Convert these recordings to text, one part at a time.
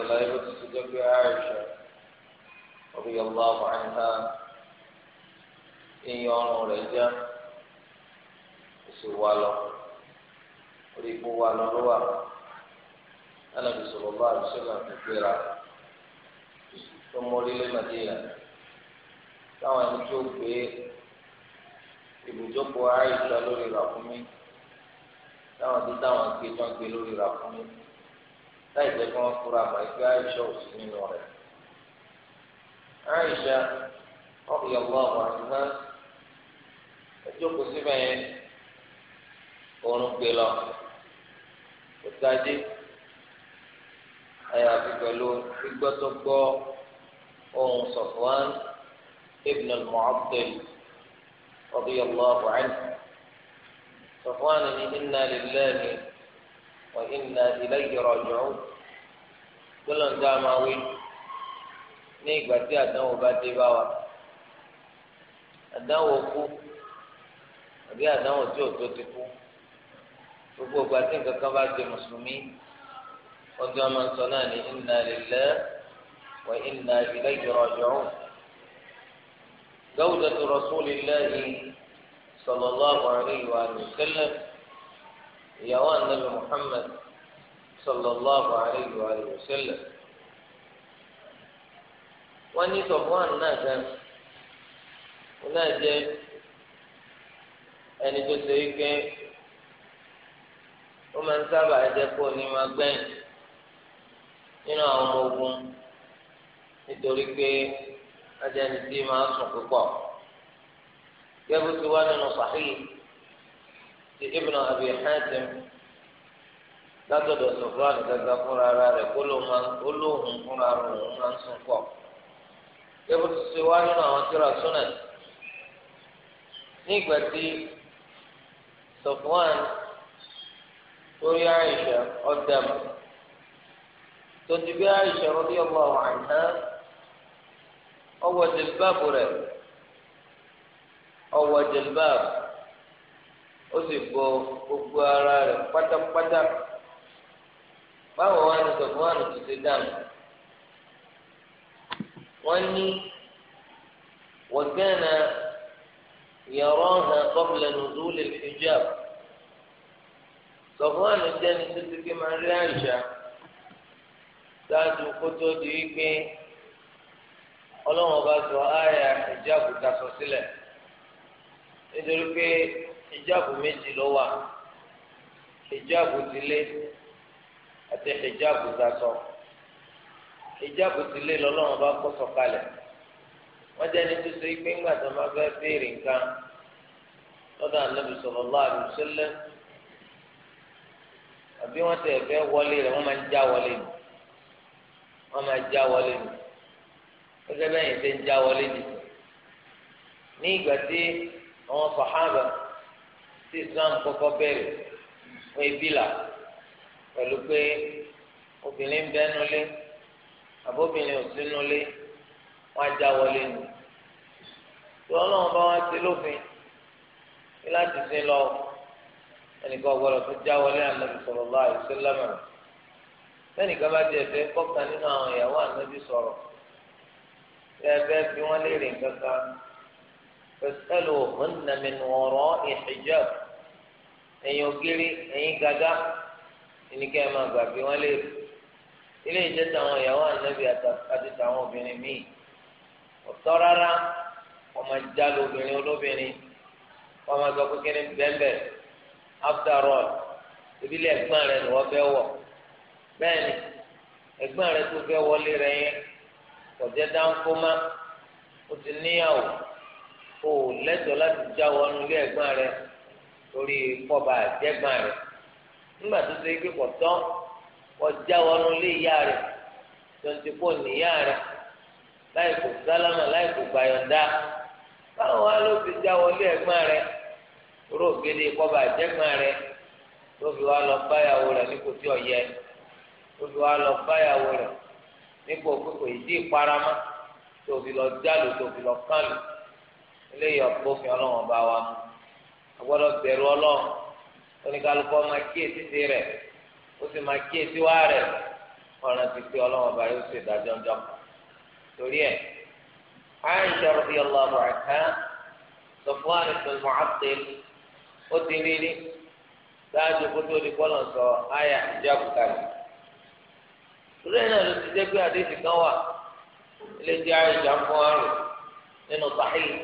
ṣàlàyé bó ti ṣe jẹ́ pé Aisha radiyallahu anha ìyẹn ọrùn rẹ̀ já oṣù wa lọ orí ipò wa lọ ló wà Ànábì sallallahu alaihi wasallam ti gbéra tó mọ orílẹ̀ Madina táwọn ẹni tó gbé ibùjókòó Aisha lórí ràkúnmí táwọn ti táwọn gbé tó ń gbé lórí ràkúnmí láì jẹ́ kí wọ́n fura mọ̀ ẹgbẹ́ àìsàn òsì nínú rẹ̀. àìsàn ọ̀rọ̀ ọ̀gbọ́n àwọn àdúgbò ẹjọ́kùn síbẹ̀ yẹn oorun gbé lọ kò sáájú àyàfi pẹ̀lú gbígbọ́ tó gbọ́ ohun Safwan ibn al-Mu'attal radiyallahu anhu Safwan ní inna lillahi wa inna ilayhi raji'un gbọ́dọ̀ tá a máa wí ní ìgbà tí àdánwò bá dé bá wa àdánwò kú àbí àdánwò tí òtó ti kú gbogbo ìgbà tí nǹkan kan bá di mùsùlùmí ọjọ́ máa ń sọ náà ní inna lillahi wa inna ilayhi raji'un. جودة رسول الله صلى الله عليه ìyàwó anabi muhammed sallallahu alayhi wa sallam wọn ní sọfún náà gan wọn náà jẹ ẹni tó ṣe wípé wọn máa ń sábà jẹ kó ní máa gbẹ̀yìn nínú àwọn ọmọ ogun nítorí pé ajá tí máa ń sùn púpọ̀ gẹ́gẹ́ bó nínú sàhíì. ti ibn abi hatim látọ̀dọ̀ sọ̀fúrán gàgà fúnra ara rẹ̀ kó lóhùn fúnra rẹ̀ òun máa ń sùn kọ́. Ebi tó ṣe wá nínú àwọn tíra súnà ní ìgbà tí sọ̀fúrán orí àìṣà ọ̀dàm tó ti bí àìṣà rọ́bí ọ̀gbà àìná ọwọ́ jìlbáàbù rẹ̀ ọwọ́ ó sì bo gbogbo ara rẹ̀ pátápátá báwo wá ní sọfúnwánù tó ṣe dáhùn wọn ní wọgánà yọrọ na kọbìlẹ nùdú lè fi hijab sọfúnwánù jẹni tó ti fi máa rí àṣà kó tó di wípé ọlọ́wọ́n bá sọ àyà hijab tasọ sílẹ̀ nítorí pé. hijabu méjì ló wà hijabu tilé àti hijabu dasọ hijabu tilé lọ́lọ́run bá kọ sọ̀kalẹ̀ wọ́n jẹ́ ní tó so ikpe ńgbà tó máa fẹ́ béèrè nǹkan lọ́dọ̀ anabi sallallahu alaihi wasallam àbí wọ́n tẹ fẹ́ wọlé rẹ̀ wọ́n máa ń já wọlé nù wọ́n máa já wọlé nù gẹ́gẹ́ bẹ́ẹ̀ yẹn ń já wọlé nù ní ìgbà tí àwọn sàhábà tí islam kọ́kọ́ bẹ̀rẹ̀ fún ebílà pẹ̀lú pé obìnrin bẹ́nulé àbóbìnrin ò sínulé wọ́n á já wọlé nù tí ọlọ́run bá wá sí lófin ní láti sin lọ ẹnìkan gbọ́dọ̀ tó já wọlé ànábi sọ̀rọ̀ lọ́wọ́ àìsí lẹ́mọ̀ọ́ lẹ́nìkan bá tiẹ̀ fẹ́ kọ́ka nínú àwọn ìyàwó ànábi sọ̀rọ̀ ẹ fẹ́ fi wọ́n léèrè nǹkan فاسألوهن من وراء حجاب ẹ̀yin ògiri ẹ̀yin gàgà ẹnikẹ́ ẹ̀ máa gbà bí wọ́n lè ilé ìjẹ́ tàwọn ìyàwó ànábì àti tàwọn obìnrin míì ọ̀tọ́ rárá ọmọ ìjálù obìnrin olóbìnrin ọmọ ìgbà kékeré bẹ́ẹ̀ after all ìbílẹ̀ ẹ̀gbọ́n rẹ̀ ni wọ́n fẹ́ wọ̀ bẹ́ẹ̀ ni ẹ̀gbọ́n rẹ̀ tó fẹ́ wọlé rẹ̀ yẹn kọ̀jẹ́ dáńkó má ó ti níyàwó. o lẹ́tọ̀ọ́ láti jáwọ́ nu ilé ẹ̀gbọ́n rẹ torí kọ́ba àjẹ́gbọ́n rẹ nígbà tó ṣe pé kọ̀tọ́ ọjáwọ́ nu ilé ìyá rẹ tonti kó níyà rẹ láì kò sálámà láì kò gbàyọ̀ǹda báwọn wá ló ti jáwọ́ ilé ẹ̀gbọ́n rẹ rẹ lọ báyàwó rẹ ní tí ò tó lọ báyàwó rẹ nípò pípò iji ìparama tó fi lọ tó fi lọ eléyìí ọ̀pọ̀fin ọlọ́run bá wa a gbọ́dọ̀ bẹ̀rù ọlọ́run oníkálukọ́ máa kíyèsí sí rẹ̀ ó sì máa kíyèsí wá rẹ̀ ọ̀ràn ti pé ọlọ́run bá yóò ṣe ìdájọ́ ńjọ́ torí ẹ̀ Aisha radiyallahu anha Safwan ibn Mu'attil ó ti rí rí sáájú kó tó di kọ́lọ̀ sọ àyà ìjáàbù kalẹ̀ torí ẹ̀ náà ló ti jẹ́ pé àdéhùn kan wà ilé jẹ́ Aisha ń àrùn nínú sàhíì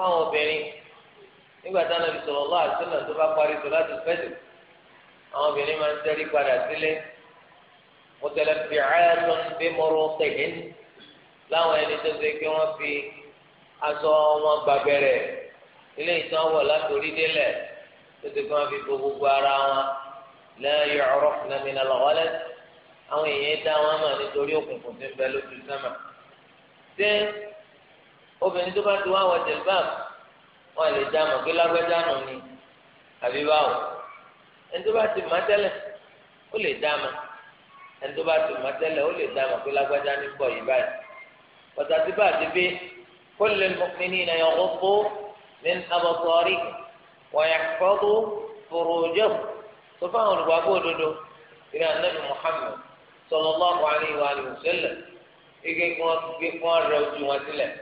fáwọn obìnrin nígbà táwọn ọbẹ̀ sọ̀rọ̀ lọ́wọ́ àtúnlọ̀ tó bá parí sọ láti fẹ́lẹ̀ àwọn obìnrin máa ń tẹ́rí padà sílé mọ̀tẹ́lẹ̀ fi àyàtọ̀ ń bí mọ́rọ́ tẹ̀hín láwọn ẹni tó ṣe pé wọ́n fi aṣọ wọn gbàbẹ̀rẹ̀ ilé ìtàn wọ̀ látòrí délẹ̀ tó ṣe pé wọ́n fi bo gbogbo ara wọn lẹ́yìn ọ̀rọ̀ nàmínà lọ́wọ́lẹ́ àwọn èèyàn dá wọn mọ̀ nítorí òkùnkùn tí ń bẹ lójú sẹ́mà obìnrin tó bá ti wá wọ jilbab wọn lè já mọ̀ pé lágbájá nù ni àbí báwo ẹni tó bá ti má tẹ́lẹ̀ ó lè dá mọ̀ ẹni tó bá ti má tẹ́lẹ̀ ó lè dá mọ̀ pé lágbájá ní bọ̀ yìí báyìí pàtàkì bá ti bí kulli al-mu'minina yaghuddu min absarihim wa yahfazu furujahum tó fáwọn olùgbàgbọ́ òdodo ìrìn ànábì Muhammad sallallahu alaihi wa sallam igi kí wọ́n rẹ ojú wọn sílẹ̀.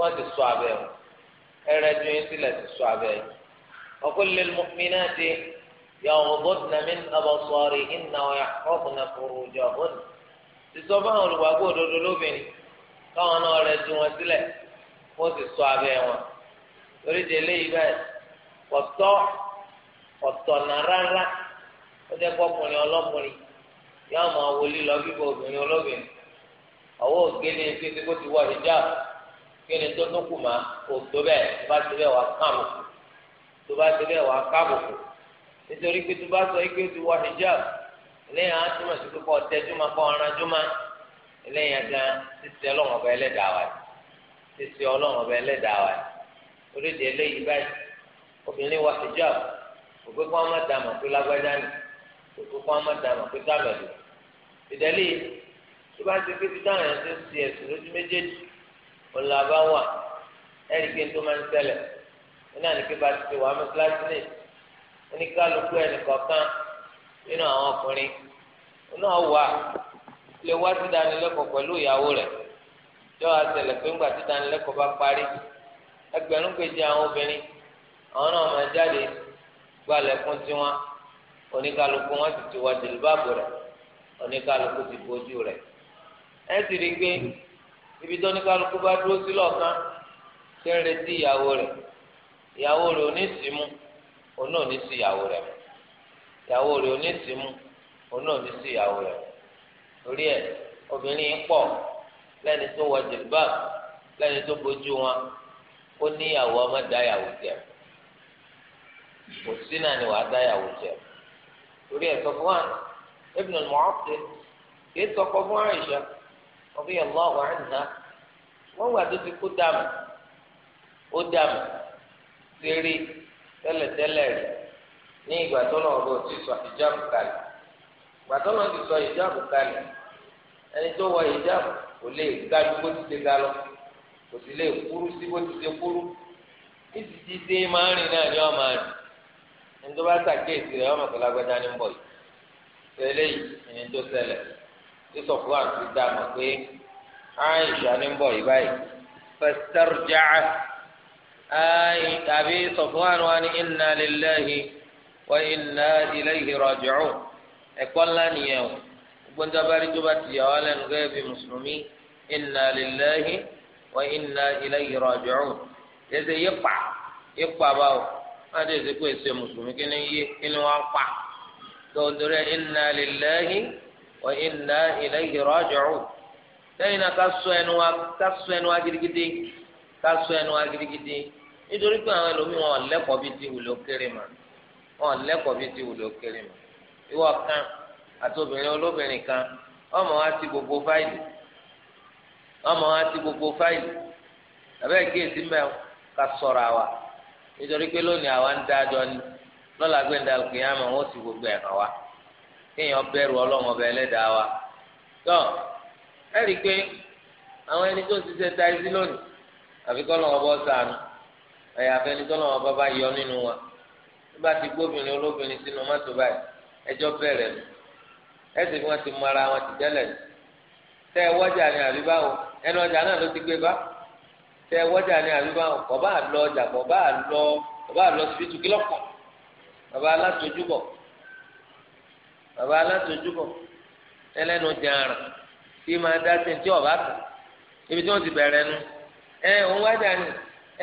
wọ́n ti sọ abẹ́ o ẹrẹ ju yín sílẹ̀ ti sọ abẹ́ yìí ọkọ lè mu'minati yaghudna min absarihinna wa yahfazna furujahunna sísọ fáwọn olùwàgbọ́ òdodo lóbìnrin káwọn náà rẹ ju wọn sílẹ̀ wọ́n ti sọ abẹ́ wọn torí de eléyìí bẹ́ẹ̀ ọ̀tọ̀ ọ̀tọ̀ nà rárá ó jẹ́ kọkùnrin ọlọ́kùnrin yóò máa wọlé lọ bíbọ obìnrin olóbìnrin ọwọ́ ògèlè kí ni tó tó kù mà kò tó bẹ́ẹ̀ tó bá ti bẹ́ẹ̀ wà káàbùkù tó bá ti bẹ́ẹ̀ wà káàbùkù nítorí pé tó bá sọ ike tó wà hijab eléyà á túmọ̀ sí pé kọ́ tẹ́jú ma kọ́ ọ̀ranjú ma eléyà gan sísè ọlọ́run ọba ẹlẹ́dàá wa sísè ọlọ́run ọba ẹlẹ́dàá wa oríṣi eléyìí báyìí obìnrin wà hijab òpè kó ọmọ dàmọ̀ pé lágbájá ni òpè kó ọmọ dàmọ̀ pé sábẹ̀lì ìdẹ́lẹ́yìí tó bá ti pé bí ọ̀làbá wà ẹ̀rí pé tó máa ń ṣẹlẹ̀ nínú àníkébà ti ti wà á mọ́sálásí ní oníkálukú ẹnìkọ̀ọ̀kan nínú àwọn ọkùnrin náà wà lè wá sí ìdánilẹ́kọ̀ọ́ pẹ̀lú ìyàwó rẹ̀ yọ àtẹlẹ pé ńgbà tí ìdánilẹ́kọ̀ọ́ bá parí ẹgbẹ̀rún kejì àwọn obìnrin àwọn náà máa jáde gbalẹ̀kùn tiwọn oníkálukú wọn ti ti wọ jìlúbàbù rẹ̀ oníkálukú ti bójú rẹ̀ ẹ sì rí i ibi tó ní kálukú bá dúró sí lọ́ọ̀kan ṣe ń retí ìyàwó rẹ̀ ìyàwó rẹ̀ ò ní símú òun náà ò ní sí ìyàwó rẹ̀ ìyàwó rẹ̀ ò ní símú òun náà ò ní sí ìyàwó rẹ̀ torí ẹ̀ obìnrin pọ̀ lẹ́ni tó wọ jìlbáàbù lẹ́ni tó bójú wọn ó ní ìyàwó ọmọ dáyàwó jẹ kò sí náà ni wàá dáyàwó jẹ torí ẹ̀ sọ fún wa Ibn al-Mu'attal kì í sọkọ fún Àìṣà. radiyallahu anha wọ́n wà tó ti kó dàmù ó dàmù sírí tẹ́lẹ̀tẹ́lẹ̀ rí ní ìgbà tó ti sọ ìjáàbù kalẹ̀ ìgbà tó náà ti sọ ẹni tó wọ ìjáàbù kò lè gbádùn bó ti ṣe ga lọ kò sì lè kúrú sí bó ti ṣe kúrú ní ti dé máa rìn náà ni wọ́n máa rìn ẹni tó bá tí sọfúnwá ti dá mọ̀ pé Aisha ní ń bọ̀ yìí báyìí fastarja ayi tàbí sọfúnwá wa ní inna lillahi wa inna ilayhi raji'un ẹ̀kọ́ ńlá nìyẹn o gbọ́ndàbárí tó bá ti yà wá lẹ́nu gẹ́gẹ́ bí mùsùlùmí inna lillahi wa inna ilayhi raji'un yẹ́sẹ̀ yẹ́ pa yẹ́ pa báwo wọ́n á dé ìsìnkú ẹ̀sẹ̀ mùsùlùmí kí ni yé kí ni wọ́n pa tó ń torí inna lillahi. wa inna ilayhi raji'un lẹ́yìn náà ká sọ ẹnu wa ká sọ ẹnu wa gidigidi ká sọ ẹnu wa gidigidi nítorí pé àwọn ẹlòmíràn wọn lẹ́kọ̀ọ́ bíi ti wùlò kéré mà wọn lẹ́kọ̀ọ́ bíi ti wùlò kéré mà ìwọ kan àti obìnrin olóbìnrin kan ti gbogbo fáìlì ọmọ gbogbo fáìlì àbẹ́ẹ̀ kíyèsí mẹ́wọ́ ni kéèyàn bẹ̀rù ọlọ́run ọba ẹlẹ́dàá wa tó ẹ pé àwọn ẹni tó ti ṣe táìsí lónìí àfi kọ́ lọ́wọ́ bọ́ sànù ẹ̀yà tó yọ nínú wa nígbà tí gbóbìnrin olóbìnrin sínú mọ́tò báyìí ẹjọ́ bẹ̀rẹ̀ nù ara wọn ti tẹ́lẹ̀ nù tẹ́ ni àbí báwo ọjà náà ló ti gbé bá tẹ́ ẹ wọ́jà ni àbí báwo kọ́ lọ ọjà lọ bàbá alátojúbọ ẹlẹnu jàrà tí máa dá sí ti ọba kan ibi tí wọn ti bẹ̀rẹ̀ nu ẹ òun wájà ni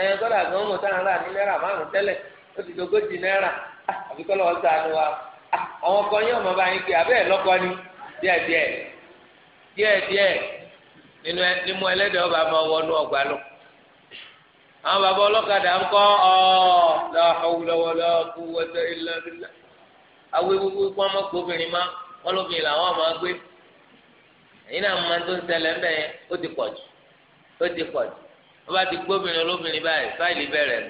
ẹ gbọ́dọ̀ àgbọn mọ táwọn ará ní náírà márùn tẹ́lẹ̀ ó ti dógójì náírà àbí kọlọ ọsà ni wa ah, àwọn ọkọ yín ọmọ bá yín pé abẹ́ ẹ̀ lọ́kọ ni díẹ̀díẹ̀ díẹ̀díẹ̀ nínú ẹ nímú ẹlẹ́dẹ̀ ọba máa wọnú ọgbà lọ àwọn bàbá ọlọ́kadà ń kọ́ ọ́ la hawla wala quwwata illa awo ewúwo kó ọmọ kó obìnrin má wọn lóbìnrin làwọn ọmọ gbé èyí náà máa tó ń ṣẹlẹ̀ ń ó ti pọ̀ jù ó ti pọ̀ jù wọ́n bá ti gbóbìnrin olóbìnrin báyìí fáìlì bẹ̀rẹ̀ lọ.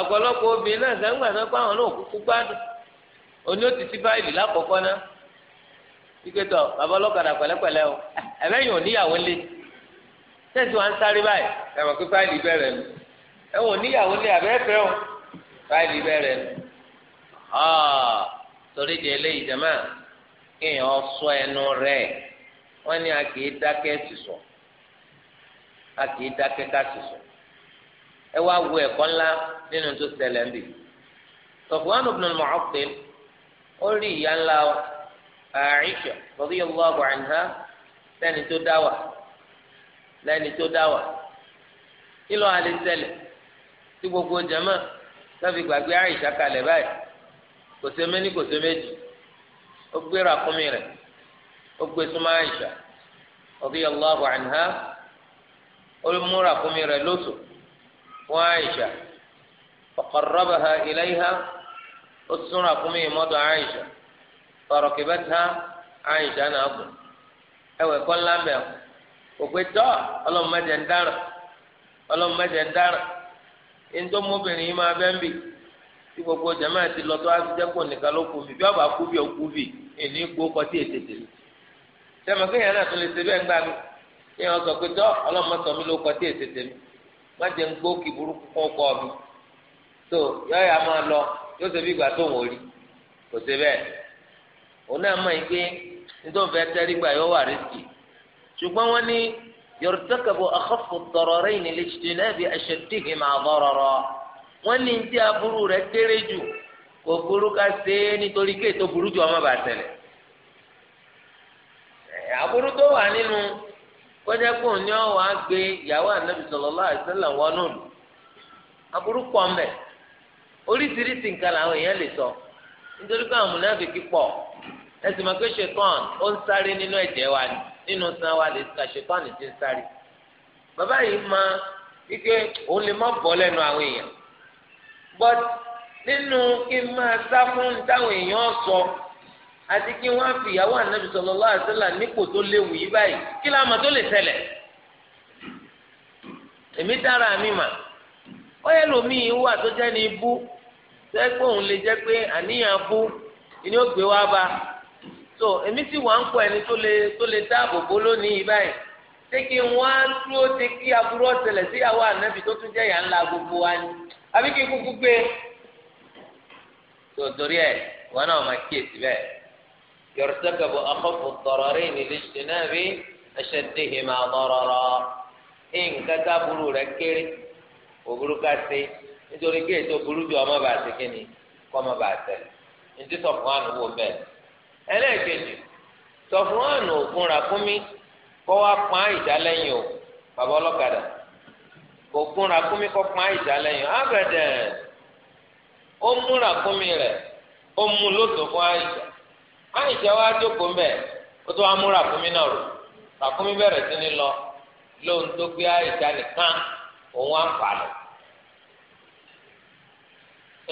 ọ̀pọ̀lọpọ̀ obìnrin náà sẹ́ńgbà àwọn náà gbádùn oní fáìlì náà bàbá ọlọ́kadà pẹ̀lẹ́pẹ̀lẹ́ o lé tẹ̀sí wa ń sáré báyìí ẹ̀wọ̀n fáìlì bẹ̀rẹ̀ lọ ẹ̀wọ̀n níyàwó lé àbẹ́fẹ́ o fáìlì Ah, torí di eléyìí jama kéèyàn sọ ẹnu rẹ̀ wọ́n ní a kì í dákẹ́ sísọ a kì í dákẹ́ ká sísọ ẹ wá wo ẹ̀kọ́ ńlá nínú tó ṣẹlẹ̀ ń bì Sufwan ibn al-Mu'attal ó rí ìyá ńlá Aisha radiyallahu anha lẹ́ni tó dá wà lẹ́ni tó dá wà kí ló alẹ́ ṣẹlẹ̀ tí gbogbo jama tó fi gbàgbé Aisha kalẹ̀ báyìí. kò sí méní kò ogbe méjì ó gbé ràkúnmí rẹ̀ ó gbé súnmọ́ àyíṣà radiyallahu anha ó mú ràkúnmí rẹ̀ lóṣù fún àyíṣà faqarrabaha ilayha ó sún ràkúnmí mọ́dọ̀ àyíṣà ha àyíṣà náà gùn ẹwẹ̀ kọ́ ńlá òpè tọ́ ọlọ́mọdé ń dáràn ọlọ́mọdé ń ẹni tó mú obìnrin yìí máa tí gbogbo jama ti lọ tó afijẹpọ nìkan ló kú mi bí ọba kú bí òkú bì èmi gbó kọtí ètè tèmi sẹmọ kéèyàn náà tún lè ṣe bẹ́ẹ̀ gbà mí kéèyàn sọ pé tọ mi ló kọtí má jẹ ń gbó kí burúkú kọ mi tó máa lọ yóò ṣe bí ìgbà tó rí kò ṣe òun náà gbà yóò wà ṣùgbọ́n wọ́n ní yorùtẹ́kẹ̀bù wọ́n ní tí aburú rẹ̀ kéré jù kò burú ká ṣe é nítorí kéè tó burú jù ọmọ bá ṣẹlẹ̀ aburú tó wà nínú kọjá pé ní ọwọ́ á gbé ìyàwó ànábì sallallahu alaihi wasallam wọnú aburú pọ̀ mẹ́ oríṣiríṣi nǹkan làwọn èèyàn lè sọ nítorí pé ẹsìn máa pé ṣetán ó wa nínú san wa lè ka ṣetán ti ń sáré bàbá yìí máa òun lè má bọ́ but nínú kí n máa sá fún táwọn èèyàn sọ àti kí fi ìyàwó ànábì sallallahu nípò tó léwu yìí báyìí kí láàmà tó lè tẹlẹ èmi dára mi mà ó yẹ lómii wà tó ní ibú òun lè pé àníyàn bú ni ó gbé so èmi sì wà ń kọ ẹni tó lè tó lè dáàbò lónìí báyìí ṣé kí n wá dúró de kí aburú síyàwó tó gbogbo wa àbí kí n kúkú gbé tó torí ẹ wọn náà máa kíyèsí bẹ́ẹ̀ yọrọsẹkẹbù akọfù tọrọ rí nílé ṣẹnáàbí ẹṣẹdéhìmá lọrọrọ nǹkan tá burú rẹ̀ kéré òburú ká sí nítorí kí ètò burú ju ọmọ bàá sí kí ni kọ́ ọmọ bàá tẹ̀lé ntí sọfúnwánù wò bẹ́ẹ̀ ẹlẹ́ẹ̀kejì sọfúnwánù òkun rà fún mi kọ́ wa pọ́n ìdálẹ́yìn o bàbá ọlọ́kadà kò gúnra kúmi kọ́ pa ìjà lẹ́yìn abẹ́dẹ̀ ó múra kúmi rẹ̀ ó mú lóso fún àìjà àìjà wa jókòó mbẹ ó tó wá múra kúmi náà rò kàkúmi bẹ̀rẹ̀ sí ni lọ lóhun tó gbé àìjà nìkan òun á fà lọ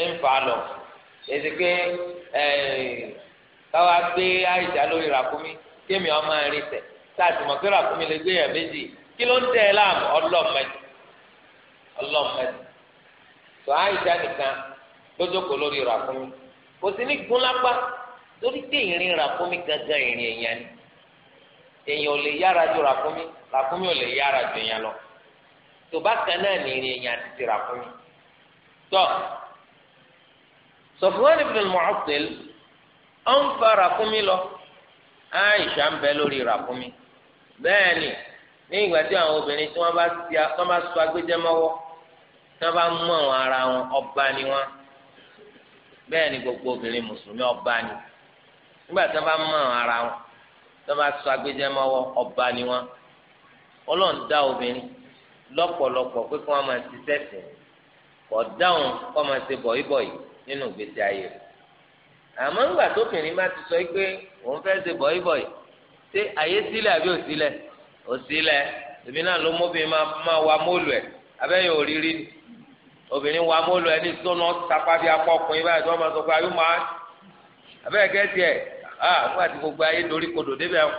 ń fà lọ èsì pé káwa gbé àìjà lórí ràkúmi kémi ọmọ rìn tẹ sáà tìmọ̀ pé ràkúmi lè gbé yàn méjì kí ló ń tẹ̀ ẹ́ láàmú ọlọ́mọdé ọlọ́mọdé tó àìsàn nìkan lójókòó lórí ràkúnmí kò sí ní gúnlápá torí pé ìrìn ràkúnmí gangan ìrìn èèyàn ni èèyàn ò lè yára ju ràkúnmí ràkúnmí ò lè yára ju èèyàn lọ tó bá kan náà ní ìrìn èèyàn àti ti ràkúnmí tó Sufwan ibn al-Mu'attal ọ̀n fa ràkúnmí lọ àìsàn bẹ lórí ràkúnmí bẹ́ẹ̀ ni ní ìgbà tí àwọn obìnrin tí wọ́n bá ti wọ́n bá sọ agbẹjẹmọwọ tí wọ́n bá mú àwọn ara wọn ọba ni wọn bẹ́ẹ̀ ni gbogbo obìnrin mùsùlùmí ọba ni nígbà tí wọ́n bá mú àwọn ara wọn tí wọ́n bá sọ agbẹjẹmọwọ ọba ni wọn Ọlọ́run dá obìnrin lọ́pọ̀lọpọ̀ pé kí wọ́n máa ti sẹsẹ kọ dáhùn kọ máa ṣe bọyìbọyì nínú ìgbésí ayé rẹ̀ àmọ́ ńgbà tóbìnrin bá ti sọ pé òun fẹ́ẹ́ ṣe bọyìbọyì ṣé àyè sílẹ̀ àbí òsílẹ̀. osile, èmi náà ló mọ́bìnrin ma wà mọ́lù ẹ̀ abẹ́yẹn òrírí ni obìnrin wà mọ́lù ẹ̀ ní sọ́nà tapá bíi akọ báyìí tí ma sọ pé ayúmọ́ á abẹ́yẹn kẹ́sì ẹ̀ ah gbogbo ayé dorí kodò débẹ̀ wọn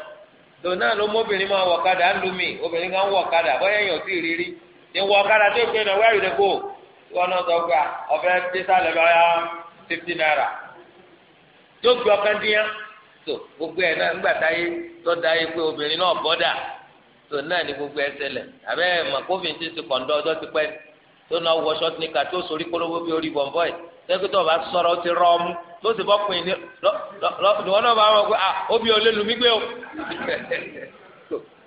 tòun náà ló mọ́bìnrin máa wọ̀ kadà ń obìnrin kan wọ̀ kadà bọ́yẹ̀ èèyàn sì ní tó wọn náà naira tó tó gbogbo tó náà ní gbogbo ẹsẹ̀ lẹ̀ àbẹ́ mọ̀kófin ti ti kọ̀ǹdọ́ ọjọ́ ti pẹ́ tó náà wọ ṣọ́ọ̀tì níka tó sórí kólóbó bí orí bọ̀m̀bọ́ ẹ̀ tẹ́kí tó o bá sọ̀rọ̀ ó ti rọ ọmú ló sì bọ́ pin ní lọ́wọ́ náà bá wọn pé à óbi ò lè lù mí gbé o.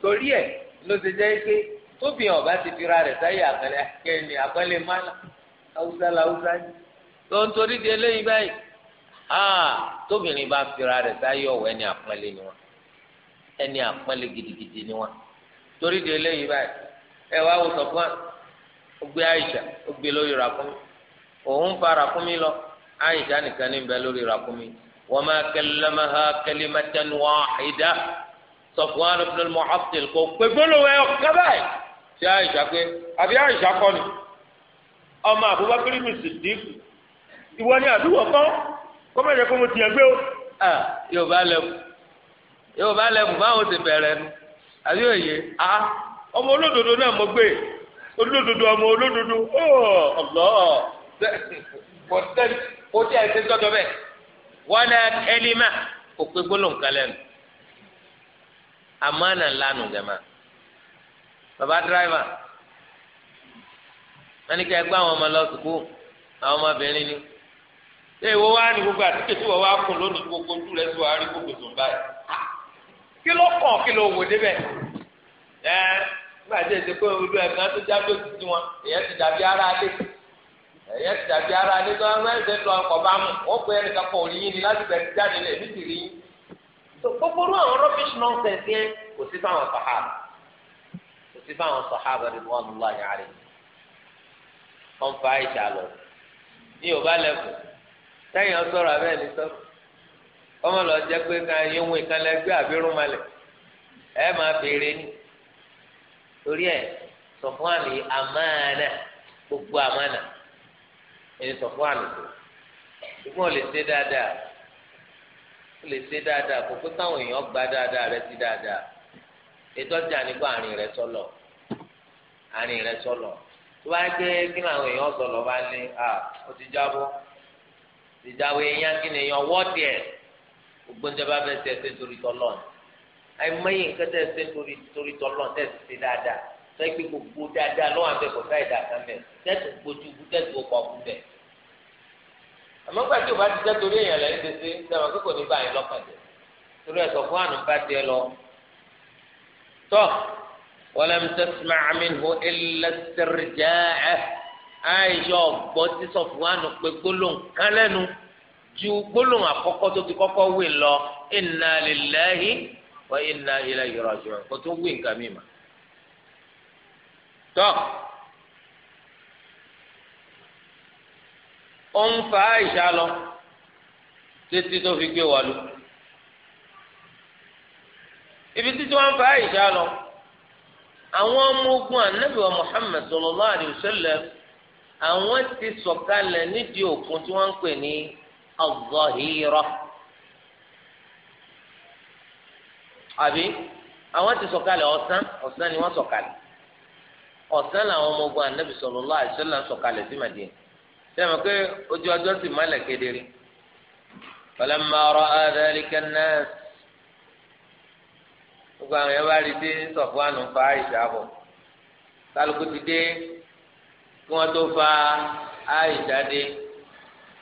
torí ẹ̀ ló ti jẹ́ pé tóbìyàn ọba ti fira rẹ̀ sáyé àkàlẹ́ kẹ́ni àkàlẹ́ mọ́lá haúsá la haúsá tó ń torí di eléyìí báyìí tóbìnrin bá fira rẹ̀ sáyé ọ̀wọ́ ẹni àpọ́nlé ni wọn ẹni àpọ́nlé gidigidi ni wọn torí di eléyìí báyìí ẹ wá wò Sọfwan ó gbé Àìṣà ó gbé lórí ràkúnmí òun fa ràkúnmí lọ Àìṣà nìkan ní bẹ lórí ràkúnmí wa ma kallamaha kalimatan wahidah Sọfwan ibn al-Mu'attal kò pé gbólóhùn ẹ̀ ọ̀kẹ́ báyìí ṣé Àìṣà pé àbí Àìṣà kọ́ ni ọmọ Abubakar ibn Siddiq ìwọ ni àdúgbò kan kọ́mọ̀jẹ̀ kó mo tiẹ̀ gbé o. Ah, yorùbá lẹ́bù yorùbá lẹ́bù báwo ti bẹ̀rẹ̀ nu àbí òye a ah, ọmọ olódodo náà mo gbé olódodo ọmọ olódodo ọ̀gbọ́ bọ̀tẹ́lì ó tí a ti tọ́jọ́ bẹ́ẹ̀ wọ́n á ẹni mà kò pé gbólóhùn kan lẹ́nu amánà lánù gẹ̀mà bàbá dírẹ́fà wọ́n ní kí ẹ gbá àwọn ọmọ lọ sùkú àwọn ọmọbìnrin ni ṣé ìwọ wá ní gbogbo àti kẹsíwọ wá kún lónìí gbogbo ojú rẹ sí wàá rí gbogbo sùn báyìí kí ló kàn kí ló wò débẹ̀ ẹ nígbà tí èsì pé olú ẹ̀mí náà tó jáde òtútù wọn èyẹ ti dàbí ara alẹ́ èyẹ ti dàbí ara alẹ́ tó wọn ẹ̀sẹ̀ lọ ọkọ̀ bá mu wọ́n pe ẹnìkan pọ̀ òní yín ni láti bẹ̀rẹ̀ jáde lẹ̀ ní tìrì yín. gbogbo àwọn rubbish nonsense yẹn kò sí fáwọn sàhábà kò sí fáwọn sàhábà rẹ̀ wọ́n lọ́ọ́ yàrá yìí wọ́n fa ìṣàlọ́ ní yorùbá lẹ́kọ̀ọ́ sẹ́yìn ọ kọ́mọ lọ jẹ́ pé ká yíwọ̀n ìkànnì ẹgbẹ́ àbírùn malẹ̀ ẹ máa béèrè ní torí ẹ àmàna gbogbo àmàna ẹni sọfúnàmì tó ṣùgbọ́n ò lè ṣe dáadáa lè ṣe dáadáa kò èèyàn gba dáadáa rẹ sí dáadáa ètò ọjà àárín rẹ sọlọ àárín rẹ sọlọ tó bá gbé kí làwọn gbogbo ní bá fẹ́ ṣe ẹsẹ̀ nítorí tọ́lọ́ ni àìmọye nǹkan tẹ̀ ṣe nítorí tọ́lọ́ tẹ̀ ṣe dáadáa sọ́yìn pé gbogbo dáadáa lọ́wọ́ àbẹ̀ kò sáì dà kan bẹ̀ tẹ̀sù gbójú tẹ̀sù ọkọ̀ ọ̀kú bẹ̀. àmọ́ gbà tí o bá ti jẹ́ torí èèyàn lẹ́yìn tẹ̀sẹ̀ sẹ́wọ̀n kókò ní báyìí lọ́kàn jẹ́ torí ẹ̀sọ̀ fún àná bá tiẹ̀ lọ. tọ́ wọlé mi tẹ́símà ju gbólóhùn àkọ́kọ́ tó ti kọ́kọ́ wí lọ inna lillahi wa inna ilayhi raji'un kó tó wí nǹkan mìíràn. tọ́ ó ń fa àìsà lọ títí tó fi gbé wọlú ibi títí wọn fa àìsà lọ àwọn ọmọ ogun anabi wa Muhammad sallallahu alaihi àwọn ti sọ̀kalẹ̀ nídìí òkun tí wọ́n ń pè ní. الظهيرة àbí àwọn ti sọ̀kalẹ̀ ọ̀sán ọ̀sán ni wọ́n sọ̀kalẹ̀ ọ̀sán làwọn ọmọ ogun anabi sallallahu alaihi wasallam sọ̀kalẹ̀ sí Madina sẹ́mi pé ojú ọjọ́ sì mọ́lẹ̀ kedere falamma ra'a dhalika an-nas gbogbo àwọn yẹn bá rí dé sọ̀fọ́ àná fa àyíṣà bọ̀ kálukú ti dé kí wọ́n tó fa àyíṣà dé.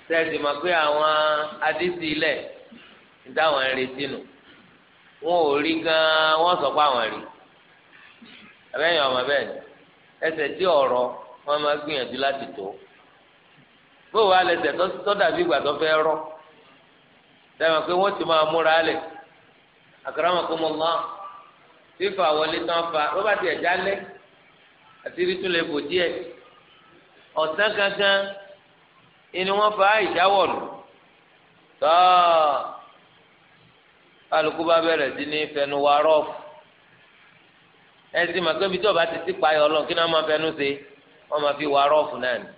sẹ́ẹ̀sì mọ̀ pé àwọn adísí ilẹ̀ dáwọn retí nù wọn ò rí gan-an sọ pé àwọn rí abẹ́yẹn ọmọ bẹ́ẹ̀ ni ẹsẹ̀ tí ọ̀rọ̀ wọn máa gbìyànjú láti tó bó wàá lẹsẹ̀ tó dàbí ìgbà tó fẹ́ rọ́ dáwọn pé wọ́n ti máa múra lẹ̀ fífa wọlé tán fa ló bá tiẹ̀ jálẹ̀ àti rí tún lè bò díẹ̀ ọ̀sán ni wọ́n fa ìjáwọ̀ lù tọ́ kálukú bá bẹ̀rẹ̀ sí ní fẹnu wa rọ́ọ̀fù ẹsìn màkàbí tí ọba ti ti pa Ọlọ́run kí ni wọ́n máa fẹnu ṣe wọ́n máa fi wa rọ́ọ̀fù náà ni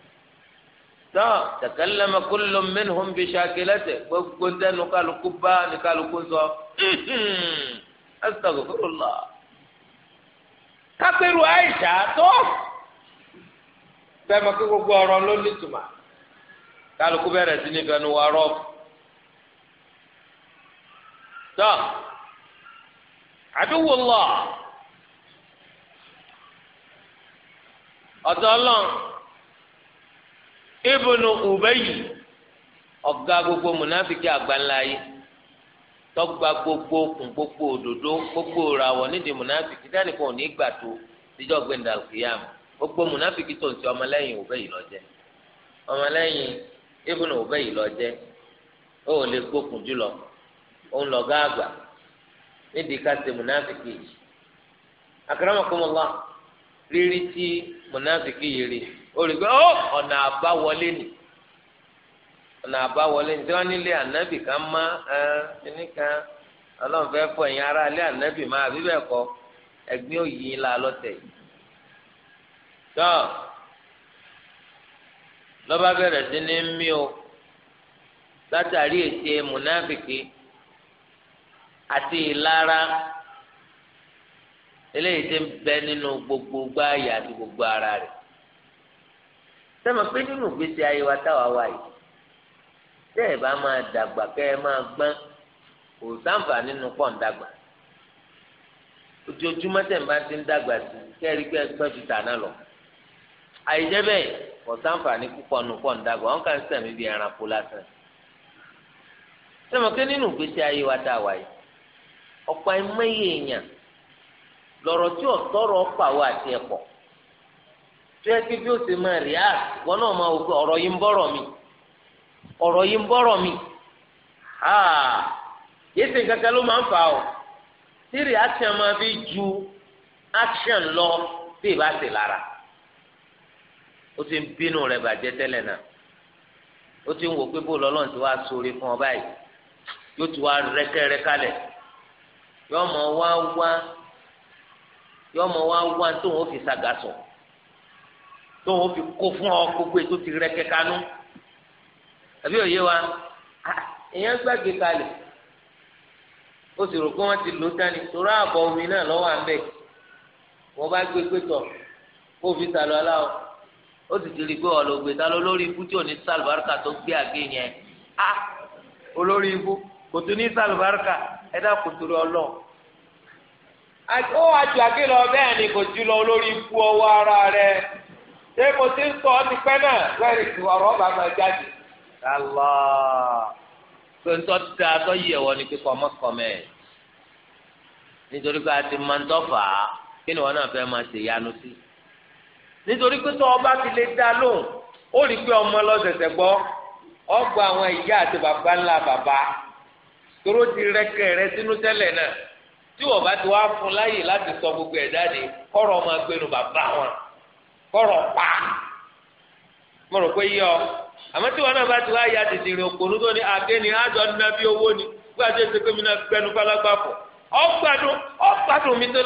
tọ́ takallama kullu minhum bi shakilati gbogbo ntẹnu kálukú bá ní kálukú sọ astaghfirullah kápẹ́rù àìsà tó bẹ́ẹ̀ kí gbogbo ọ̀rọ̀ ló ní tùmọ̀ kálukú bẹ̀rẹ̀ sí ní fẹnu wa rọ tọ aduwullah ọtọlọ ibnu Ubayy ọ̀gá gbogbo munafiki àgbáńlá yìí tọgba gbogbo kun gbogbo òdodo gbogbo ràwọ̀ nídìí munafiki dáni kò ní gbà tó díjọ gbẹndàlùkìyàmù gbogbo munafiki tó ń ti ọmọlẹ́yìn Ubayy lọ ọmọlẹ́yìn. ibùn òbẹ yìí lọ jẹ ó ò lè gbókun jùlọ òun lọgá àgbà nídìí ká ṣe mùnáfìkì yìí akramakumullah rírí tí mùnáfìkì yìí rí ó rí pé ó ọ̀nà àbáwọlé ni ọ̀nà àbáwọlé ni tí wọ́n nílé ànábì kan má ẹ kíní kan ọlọ́run fẹ́ fọ ẹ̀yin ará ilé ànábì má àbí bẹ́ẹ̀ òyìn la lọ́tẹ̀ yìí. lọ́ba bẹ̀rẹ̀ sí ní mí o látàrí ète mùnáfìkì àti ìlara eléyìí ti ń bẹ nínú gbogbo gbáàyè àti gbogbo ara rẹ̀ sẹ́mi pé nínú ìgbésí ayé wa táwa wà yìí tẹ́ ẹ̀ bá máa dàgbà kẹ́ ẹ máa gbọ́n kò sáǹfà nínú pọ̀ ojoojúmọ́ tẹ̀ ń bá ti ń dàgbà sí kẹ́ ẹ rí pé ẹ gbọ́n ju tàná lọ àyíjẹ́ bẹ́ẹ̀ kò sáǹfààní púpọ̀ nù pọ̀ ǹdàgbọ̀ wọn kàn sẹ̀mí bíi ẹranko lásán. sẹ́mi nínú ìgbésí ayé wa tá a yìí ọ̀pọ̀ ẹ̀mẹ́yẹ èèyàn lọ̀rọ̀ tí ọ̀tọ́rọ̀ pàwọ́ àti ẹ̀pọ̀ kí bí ó ti máa rí àá ah, wọn náà máa wò pé ọ̀rọ̀ yìí ń bọ̀rọ̀ mi ọ̀rọ̀ yìí ń bọ̀rọ̀ mi ah, kankan ló máa ń fà tí máa fi ju action lọ bí ó ti ń bínú rẹ̀ bàjẹ́ tẹ́lẹ̀ náà ó ti ń wò pé bóòlù ọlọ́run ti wá sóore fún ọ báyìí yóò ti wá rẹ́kẹ́rẹ́ kalẹ̀ yóò mọ wá wá yóò mọ wá wá tó wọn fi sagasọ tó wọn fi kó fún ọ gbogbo ètò ti rẹ́kẹ́ kanú àbí òye wa èèyàn gbàgbé kalẹ̀ ó sì rò pé wọ́n ti lò tani torí ààbọ̀ omi náà lọ́wọ́ à wọ́n bá gbé pé tọ̀ kó fi sàlọ́ aláwọ̀ ó sì ti rí i pé ọlọgbẹ ta ló lórí ikú tí ò ní sàlùbáríkà tó gbé àgé yẹn á olórí ikú kò tún ní sàlùbáríkà ẹ dá kò torí ọlọ ó àjù àgé lọ bẹ́ẹ̀ ni kò jù lọ olórí ikú ọwọ́ ara rẹ ṣé mo ti ń sọ ọ́ ti pẹ́ náà lẹ́rìí tí ọ̀rọ̀ bá máa jáde. Allah tontɔ da tɔ yẹ wọ ni kíkọ ọmọ kọmẹ nítorí pé a ti máa ń tọfà kí ni wọn náà fẹ́ máa ṣe sí nítorí pé tó ọba ti lè dá lóhùn ó rí i pé ọmọ lọ́sẹ̀sẹ̀ gbọ́ ọgbà àwọn ìyá àti bàbá ńlá bàbá toró ti re rẹ sínú tẹ́lẹ̀ náà tí wọ́n bá ti wá fún láyè láti sọ gbogbo ẹ̀ jáde kọ́rọ̀ máa wọn kọ́rọ̀ pa mo rò pé ọ àmọ́ tí ya tètè rìn òpònú ní àjọ nínú bí owó ni gbọ́dọ̀ ṣe pé mi náà gbẹnu mi tó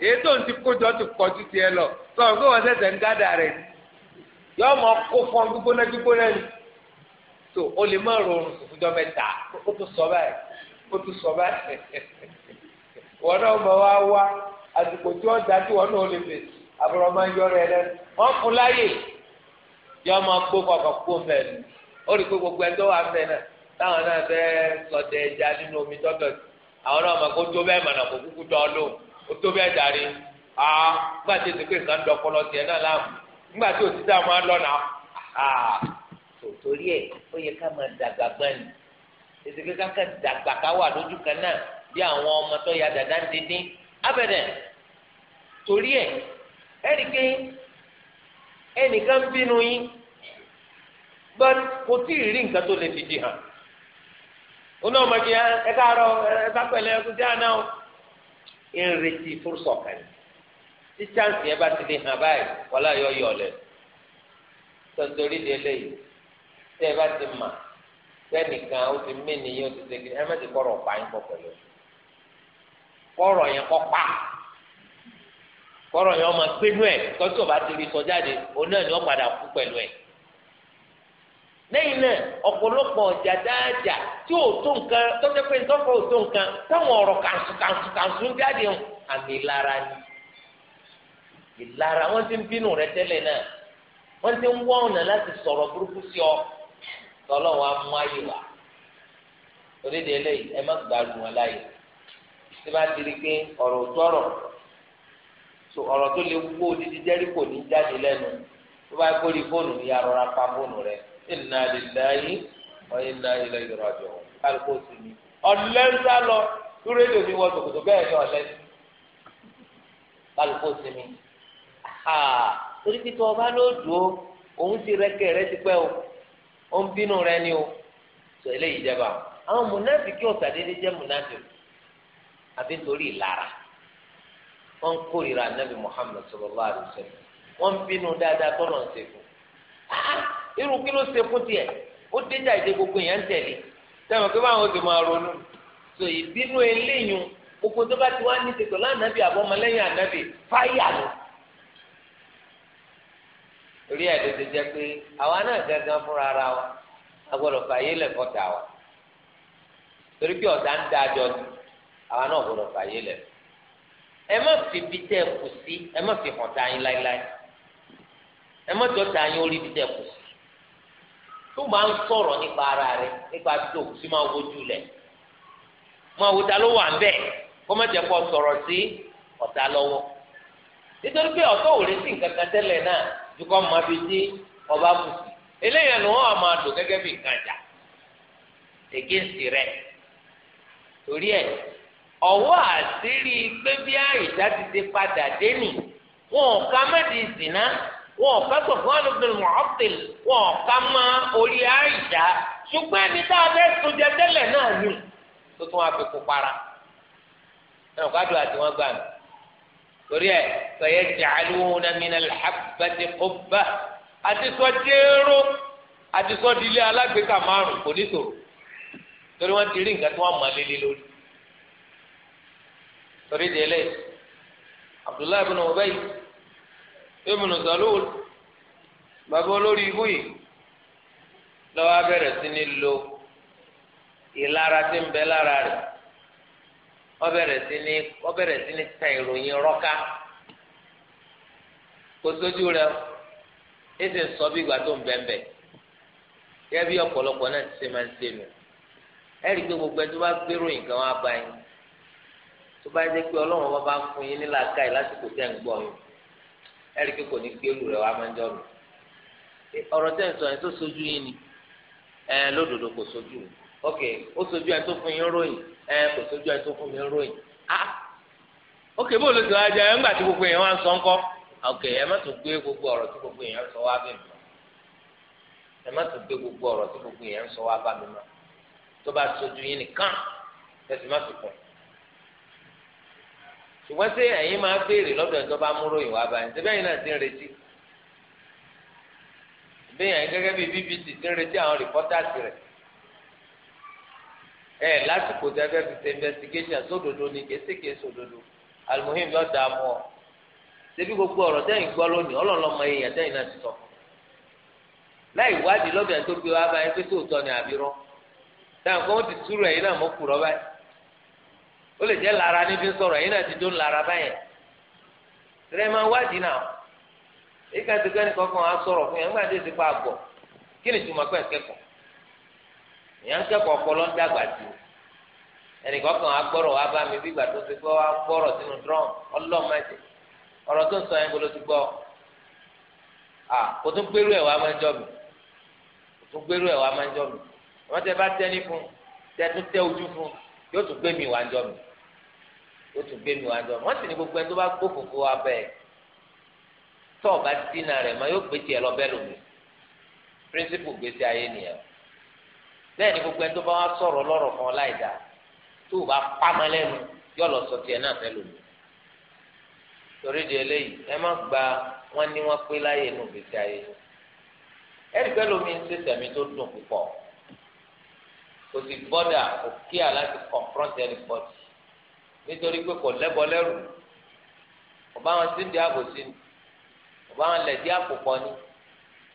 ètò ti kójọ ti pọ̀ ju tiẹ̀ lọ sọ̀rọ̀ pé wọ́n ṣẹ̀ṣẹ̀ ń gádà rẹ̀ yọ ọmọ kó fọ́n gbígbóná gbígbóná ni tó o lè má rọrùn fúnjọ mẹ́ta ó tún sọ báyìí ó tún sọ báyìí wọn náà mọ wá wá àsìkò tí náà lè àbúrò máa ń yọrọ ẹ fún láyè yọ ọmọ kọkọ kó rí i pé gbogbo wà náà ó tó bẹ́ẹ̀ darí àá nígbà tí èsì pé nǹkan dọpọlọ tiẹ̀ náà láàmú nígbà tí òtítà máa lọ́nà àá tòótórí ẹ̀ ó yẹ ká máa dàgbà gbọ́n ni èsì pé káka dàgbà ká wà lójú kan náà bí àwọn ọmọ tó ya dàda ń dídín abẹ́dẹ̀ torí ẹ̀ ẹ̀rí pé ẹnìkan bínú yín gbọ́n kò tí ì rí nǹkan tó lè fìdí hàn ó náà mọ̀ kí ẹ káàárọ̀ ẹ bá ẹ kú sí àná o ń retí fúrúsọ kan tí chance yẹn bá ti di hàn báyìí wàhálà yọ yọ lẹ tọ́tòrí de léyìí tẹ́ ẹ bá ti mà sẹ́nìkan ó ti mí nìyẹn ó ti segin ẹ má ti kọ́rọ̀ pa yín pọ̀ pẹ̀lú kọ́rọ̀ yẹn kọ́ pa kọ́rọ̀ yẹn ọmọ gbénú ẹ̀ tọ́tò bá ti rí sọ jáde òun náà ni ó padà kú pẹ̀lú ẹ̀ lẹ́yìn náà ọ̀pọ̀lọpọ̀ ọjà dáadáa tí ò tó nǹkan tó jẹ́ pé ntọ́fọ̀ ò tó nǹkan táwọn ọ̀rọ̀ kàǹsù kàǹsù kàǹsù ń jáde hàn àmì ìlara ni ìlara wọ́n ti ń bínú rẹ tẹ́lẹ̀ náà wọ́n ti ń wọ́ ọ̀nà láti sọ̀rọ̀ burúkú sí ọ tọ́lọ́wọ́ á mú ayé wa orílẹ̀ eléyìí ẹ má gbádùn wọn láyè tí bá ti rí pé ọ̀rọ̀ tọ̀rọ̀ tó ọ̀rọ̀ tó lè wú odidi jẹ́ríkò ní jáde lẹ́nu tó bá gbórí fóònù ní arọra pa fóònù rẹ̀ inna lillahi wa inna ilayhi raji'un kálukó sí mi ọ̀lẹ́ ń sá lọ lórí èdè mi wọ tòkòtò bẹ́ẹ̀ ni ọ̀lẹ́ kálukó sí mi torí pé tí ọba ló dùn ó òun ti rẹ́kẹ̀ rẹ́ ti pẹ́ o ó ń bínú rẹ ni o sọ eléyìí jẹ́ bá àwọn mùnáfíkì ọ̀sàdédé jẹ́ mùnáfíkì àbí nítorí ìlara wọn kórìíra anabi muhammed sallallahu alaihi wasallam wọn bínú dáadáa tọ́lọ̀ ń ṣe irú kí ló ṣe fún tiẹ̀ ó déjà ìdè gbogbo yẹn ń tẹ̀lé sẹ́wọ̀n pé báwọn máa so ìbínú eléyìn gbogbo tó bá ti wá ní tètè lánàbì àbọ̀mọlẹ́yìn ànàbì fáyà lọ. orí ẹ̀ ti jẹ́ pé àwa náà gángan fúnra ara wa a gbọ́dọ̀ fàyè tà wa torí pé ń da àjọ àwa náà gbọ́dọ̀ fàyè tó máa ń sọ̀rọ̀ nípa ara rẹ̀ nípa tó kù sí máa wojú lẹ̀ máa wo ta ló wà ń bẹ̀ kó má jẹ́ kó sọ̀rọ̀ sí ọ̀tá lọ́wọ́ nítorí pé ọ̀tọ̀ ò retí nǹkan kan tẹ́lẹ̀ náà ju kọ́ máa fi dí ọba kù sí eléyàn ni wọ́n á máa lò gẹ́gẹ́ bí nǹkan jà tẹ̀gẹ́sì rẹ̀ torí ẹ̀ ọwọ́ àṣírí pé bí àìsá ti ti padà dé nì wọn ò ká mẹ́tì ìsìn náà wọn ò ká Sufyan ibn Mu'attil wọn ò ká má orí Àìṣà ṣùgbọ́n ẹni tá a fẹ́ sun jẹ tẹ́lẹ̀ náà ni tó tún wá fi kú para ẹnu ká dùn àti wọn gbà mí torí ẹ sayaj'aluna min al-habbati qubba àti sọ jẹ́rọ àti sọ dilé alágbèéká márùn kò ní sòrò torí wọn ti rí nǹkan tí wọn mọ lé lórí torí délé Abdullahi ibn Ubay. Ibn Salul bàbá olórí ibú yìí lọ́wọ́ abẹ́rẹ́ sí ni lo ìlara tí ń bẹ lára rẹ̀ wọ́n bẹ̀rẹ̀ sí ni wọ́n bẹ̀rẹ̀ sí ni ta ìròyìn rọ́ká kò sójú rẹ̀ èsì sọ bí ìgbà tó ń bẹ̀ǹbẹ̀ yẹ bí ọ̀pọ̀lọpọ̀ náà ti ṣe máa ń ṣe nù ẹ̀rí pé gbogbo ẹ̀ tó bá gbé ròyìn kan wá bá yín tó bá yẹ pé ọlọ́run bá bá fún yín nílàákàyè lásìkò tẹ̀ ń gbọ́ yín ẹ̀rí pé kò ní gbèrú rẹ̀ wá máa ń jọ̀rù ọ̀rọ̀ tẹ̀ ń sọ yẹn tó sojú yín ni ẹ lódodo kò sojú ok ó sojú ẹ tó fún yín ròyìn ẹ kò sojú ẹ tó fún mi ròyìn ah ok bó ló ti wá jẹ ẹgbà tí gbogbo yẹn wá ń sọ ńkọ́ ok ẹ má tún gbé gbogbo ọ̀rọ̀ tí gbogbo yẹn ń sọ wá bẹ̀ mọ́ ẹ má tún gbé gbogbo ọ̀rọ̀ tí gbogbo yẹn ń sọ wá bá mi mọ́ tó bá sojú yín nìkan tẹ̀sí má fi kùn ṣùgbọ́n ṣé ẹ̀yin máa béèrè lọ́dọ̀ ẹ̀jọ́ bá múrò ìwà báyìí ṣé bẹ́ẹ̀ náà ti ń retí bẹ́ẹ̀ yẹn gẹ́gẹ́ bí BBC ti ń retí àwọn rìpọ́tàsì rẹ̀ ẹ̀ lásìkò tí a fẹ́ fi ṣe investigation sódodo ni kéṣeké sódodo alimuhim yóò dáa mọ́ ọ ṣebí gbogbo ọ̀rọ̀ tẹ́yìn gbọ́ lónìí ọlọ́lọ́mọ èèyàn tẹ́yìn náà ti sọ láì wádìí lọ́dọ̀ ẹ̀ tó gbé báyìí pé sóòótọ́ ni àbírọ́ táwọn kan ti túrọ̀ ẹ̀yìn náà mọ́ kúrọ́ báyìí o lè jẹ́ lara níbi sọ̀rọ̀ yìí náà ti dún lára báyẹn tẹ́lẹ̀ máa wádìí náà èyí kan ti kẹ́ni kankan á sọ̀rọ̀ fún yẹn nígbà tí èsì pa àgọ̀ kí ni ìtumọ̀ pẹ̀ kẹ́kọ̀ọ́ ìyẹn kẹ́kọ̀ọ́ ọpọlọ ń dàgbà jù ẹnì kankan á gbọ́rọ̀ wá bá mi bí ìgbà tó ti gbọ́ wá gbọ́rọ̀ sínú drọ́m ọlọ́mọdé ọ̀rọ̀ tó ń sọ yẹn gbọ́dọ̀ ti gbọ́ à kò tún gbérú ẹ̀ wá máa ń jọ mi kò tún gbérú ẹ̀ wá o tún gbé mi wá jọ wọn sì ní gbogbo ẹni tó bá gbófòfò abẹ tó ọba dínà rẹ mọ yóò gbé tiẹ̀ lọ bẹ́ẹ̀ lómi píríncípù gbèsè ayé nìyẹn bẹ́ẹ̀ ni gbogbo ẹni tó bá wá sọ̀rọ̀ lọ́rọ̀ kan láì dáa tó o bá pamọ́ lẹ́nu yóò lọ sọ tiẹ̀ náà fẹ́ lómi torí di eléyìí ẹ má gba wọn ní wọn pé láyé inú gbèsè ayé ẹni fẹ́ lómi ń sèṣẹ̀mí tó dùn púpọ̀ kò sì bọ́dà kò kíà láti confront anybody nítorí pé kò lẹ́bọ lẹ́rù ọba wọn sí di àbòsí ni ọba wọn lẹ̀ di àpòpọ̀ ni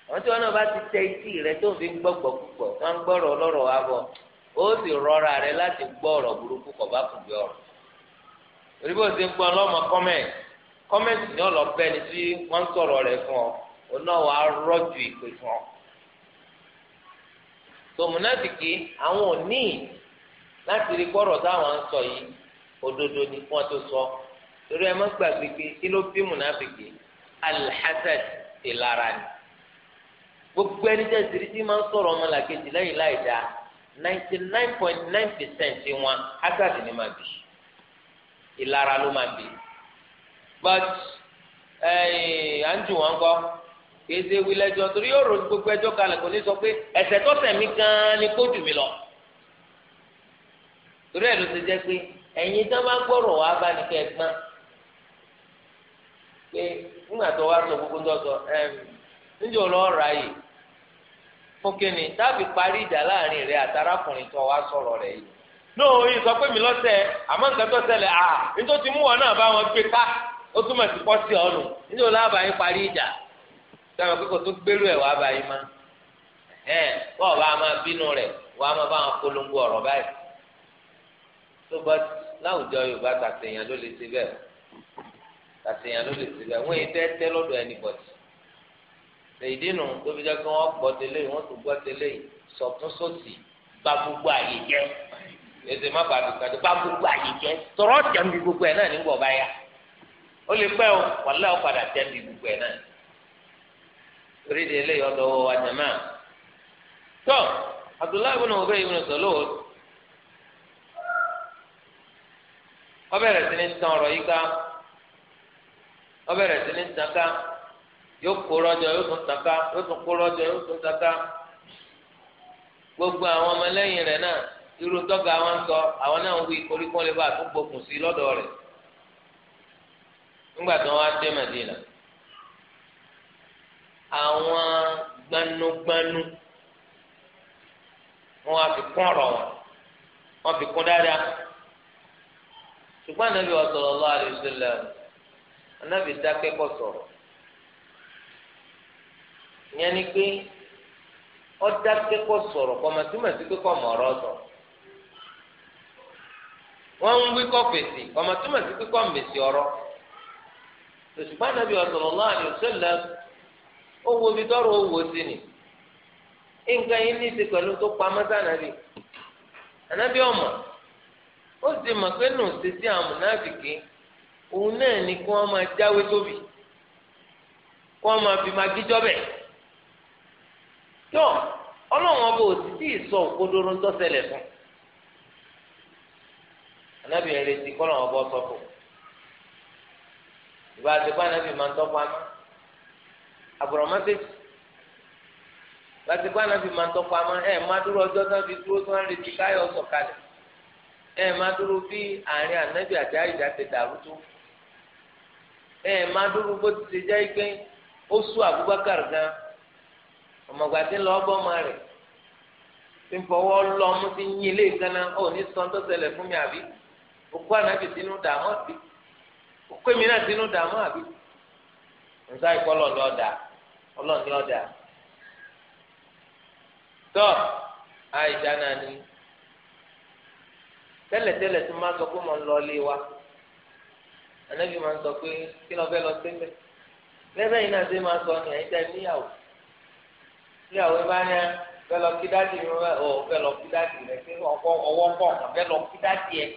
àwọn tí wọn náà bá ti tẹ etí rẹ tó fi ń gbọ́gbọ́ púpọ̀ wọn ń gbọ́rọ̀ ọlọ́rọ̀ wa bọ̀ ó sì rọra rẹ láti gbọ́ ọ̀rọ̀ burúkú kọ̀ bá kù bí ọ̀rọ̀ torí bó ṣe ń gbọ́ ọlọ́mọ kọ́mẹ̀ntì kọ́mẹ̀ntì ni ọlọ́pẹ́ ni tí wọ́n ń sọ̀rọ̀ rẹ̀ fún ọ oná wa rọ́jù ìpè fún ọ tòmùnátìkì àwọn ò láti rí gbọ́rọ̀ táwọn ń sọ yìí òdodo ni kí wọ́n tó sọ torí ẹ má gbàgbé pé kí ló bí múnàfíkì alhasad ìlara ni gbogbo ẹni tẹ́ ìsirí tí máa ń sọ̀rọ̀ ọmọlàkejì lẹ́yìn láì dáa ninety nine point nine percent wọn hasad ni máa bì ìlara ló máa bì but à ń jù wọn kọ́ kéde wílẹ́jọ́ torí yóò ròyìn gbogbo ẹjọ́ kalẹ̀ kò ní sọ pé ẹ̀ṣẹ̀ tó ṣẹ̀ mí gan ni kó jù mí lọ torí ẹ̀ ló ti jẹ́ pé ẹ̀yin tó bá gbọ́rọ̀ wá bá ní kẹ́ pé nígbà tó wá sọ gbogbo tó sọ níjẹ́ ò lọ́ọ́ ra yìí fún kínní tábì parí ìjà láàrin rẹ̀ àtàràkùnrin tó wá sọ̀rọ̀ rẹ̀ yìí náà sọ pé mi lọ́sẹ̀ àmọ́ nǹkan tó ṣẹlẹ̀ à nítorí tí mú wọn náà bá wọn gbé ká ó túmọ̀ sí pọ́sì ọ̀nù a máa bínú rẹ̀ máa bá wọn polongo láwùjọ yorùbá tàṣeyàn ló lè ṣe bẹ́ẹ̀ tàṣeyàn ló lè ṣe bẹ́ẹ̀ wọ́n yìí tẹ́ tẹ́ lọ́dọ̀ ẹnìbọ̀dì èyí nù tó fi jẹ́ kí wọ́n gbọ́ tẹ́lẹ̀ wọ́n tún gbọ́ tẹ́lẹ̀ sọ̀tún sọ̀tì bá gbogbo àyè jẹ́ ètò má bàa dùn kàdé bá gbogbo àyè jẹ́ tọ̀rọ̀ jẹ̀mí gbogbo ẹ̀ náà ní gbọ̀ báyà ó lè pẹ́ o wàlẹ́ ọ̀ padà jẹ̀mí gbogbo ẹ̀ náà torí de eléyìí ọ̀dọ̀ wa jẹ̀má. tó Abdullahi ibn Ubay ibn Salul wọ́n bẹ̀rẹ̀ sí ní tan ọ̀rọ̀ yìí ká bẹ̀rẹ̀ sí ní tan ká yóò kó rọ́jọ yóò tún ká yóò tún gbogbo àwọn ọmọlẹ́yìn rẹ̀ náà irú tọ́gà wọn sọ àwọn náà wí koríko lè bá àtúgbò kù sí lọ́dọ̀ rẹ̀ nígbà gbanugbanu wọn á fi kún wọn fi kún dáadáa. ṣùgbọ́n anabi wa sallallahu alaihi wasallam anabi dákẹ́ kọ́ sọ̀rọ̀ ìyẹn ni pé ó dákẹ́ kọ́ sọ̀rọ̀ kọ́ máa túmọ̀ sí pé kọ́ mọ̀ ọ̀rọ̀ sọ wọ́n ń wí kọ́ fèsì kọ́ máa túmọ̀ sí pé kọ́ mèsì ọ̀rọ̀ ṣùgbọ́n anabi wa sallallahu alaihi wasallam ó wo ibi tọ́rọ̀ ó sí ni nǹkan yìí ní í pẹ̀lú tó pa mọ́tà nàbì ànábì ọ̀mọ̀. ó sì mọ̀ pé nù ṣe sí àwọn ni kí wọ́n máa jáwé tóbi kí wọ́n máa fi máa gíjọ́ bẹ̀. tó ọlọ́run ọba ò sì tí ì sọ òkodoro ń tọ́sẹ̀lẹ̀ fún anábìyẹn retí kọ́lọ́run ọba sọ fún ìgbà àti anábìyẹn máa ń tọ́ pamọ́ máa ń ẹ̀ máa dúró ọjọ́ ẹ má dúró bí àárín ànábì àti àyíjà ti dàrú tó ẹ má dúró bó ti ṣe jẹ́ pé ó Abubakar gan ọmọgbà tí lọ ọgbọ́n ma rẹ̀ tí fọwọ́ lọ yín ilé gánà ó ní sọ tó ṣẹlẹ̀ fún mi àbí òkú ànábì sínú òkú èmi náà sínú tẹ́lẹ̀tẹ́lẹ̀ tó máa sọ pé mo ń lọ ilé wa ànábì máa ń sọ pé kí lọ́ọ́ fẹ́ lọ síbẹ̀ lẹ́bẹ̀ yìí náà ṣe máa sọ ní ẹ̀yìn tẹ́ níyàwó níyàwó ẹ bá ní fẹ́ lọ kí dáàdì mi ọ fẹ́ lọ kí dáàdì rẹ pé ọkọ ọwọ́ pọ̀ kàn fẹ́ lọ kí dáàdì ẹ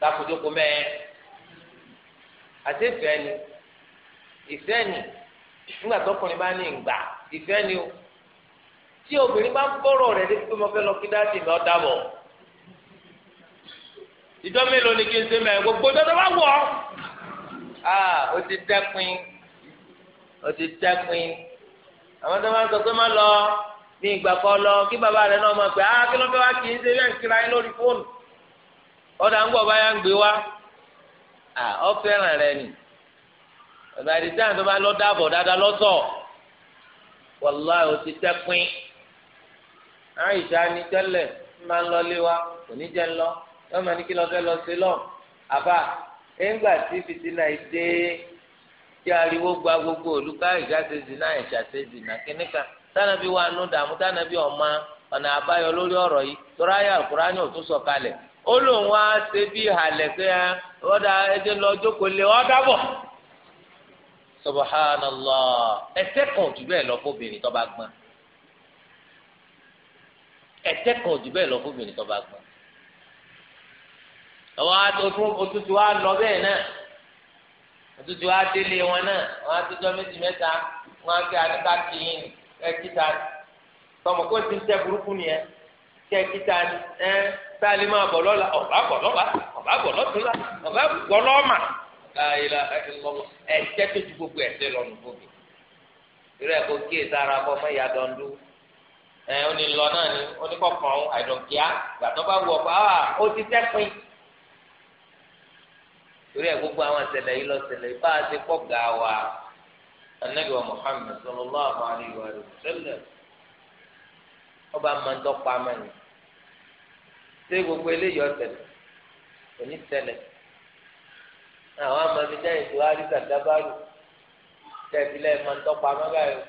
lákòókò mẹ́ẹ̀ àtẹ́fẹ́ ni ìfẹ́ ni nígbà tọkùnrin bá ní ìgbà ìfẹ́ ni o tí obìnrin bá ń gbọ́rọ̀ rẹ̀ dé pé mo fẹ́ lọ kí dáàdì mi ọ dábọ̀ ìjọ mélòó ni kí n ṣe mẹ gbogbo dọdọ bá wọ aa o ti dẹkùn o ti dẹkùn àwọn tó máa ń sọ pé má lọ ní ìgbà kan lọ kí bàbá rẹ náà máa pè á kí ló fẹ́ wá kì í ṣe bẹ́ẹ̀ ń kíra yín lórí fóònù ọ̀dà ń bọ̀ báyà ń gbé wá ọ fẹ́ràn rẹ nì ọ̀dà ìdíjà tó bá lọ dáàbọ̀ dáadáa lọ́sọ̀ wàláì o ti dẹkùn àìsàn ni tẹ́lẹ̀ máa ń lọ lé wa kò ní jẹ́ ń lọ. wọ́n máa ní kí lọ fẹ́ lọ sí lọ àbá ẹ̀ńgbà tí fìtínà yìí dé ariwo gba gbogbo olùkọ́ ìjà ṣe náà ìjà ṣe zì náà kíníkà tánàbí wa nù dààmú tánàbí ọ̀ma ọ̀nà àbáyọ lórí ọ̀rọ̀ yìí tọ́ra ayé àkùránì òtún sọ̀kalẹ̀ ó lóun wá ṣe bí ìhàlẹ̀ pé ọ̀dà lọ jókòó lé ọ̀dà bọ̀ kan ò jù bẹ́ẹ̀ lọ fóbìnrin ẹwà àtọkùn òtútù wa lọ bẹ́ẹ̀ náà òtútù wa délé wọn náà wọn àtúntò méjì mẹ́ta wọn àti àdúgbà tìyìn ẹkíta tọmọ kó ti ń tẹ burúkú nìyẹn tẹ kíta ẹ sáàlì máa bọ̀ lọ́la ọ̀bá bọ̀ lọ́la ọ̀bá bọ̀ lọ́túnla ọ̀bá bọ̀ lọ́ọ̀mà láyìlá ẹ̀jẹ̀ tó ju gbogbo ẹ̀jẹ̀ lọ́nu fòbi irú ẹ̀kọ́ kíyè sára kọ́ mọ́ ìyá dọ́ndú ẹ̀ ó ní lọ náà ni ó ní kọ̀ọ̀kan àìdọ̀kíá gbàtọ́ bá wù ọ̀pá ah, ó ti tẹ́pin torí ẹ gbogbo àwọn àtẹlẹ yìí lọ tẹlẹ bá a ti kọ gà wá anabi wa muhammed sallallahu alayhi wa sallam ọba mọtò pamẹ ni ṣé gbogbo eléyìí ọtẹlẹ òní tẹlẹ àwọn amamijan ètò àríkà dábàlù tẹ̀sílẹ̀ mọtò pamẹ báyìí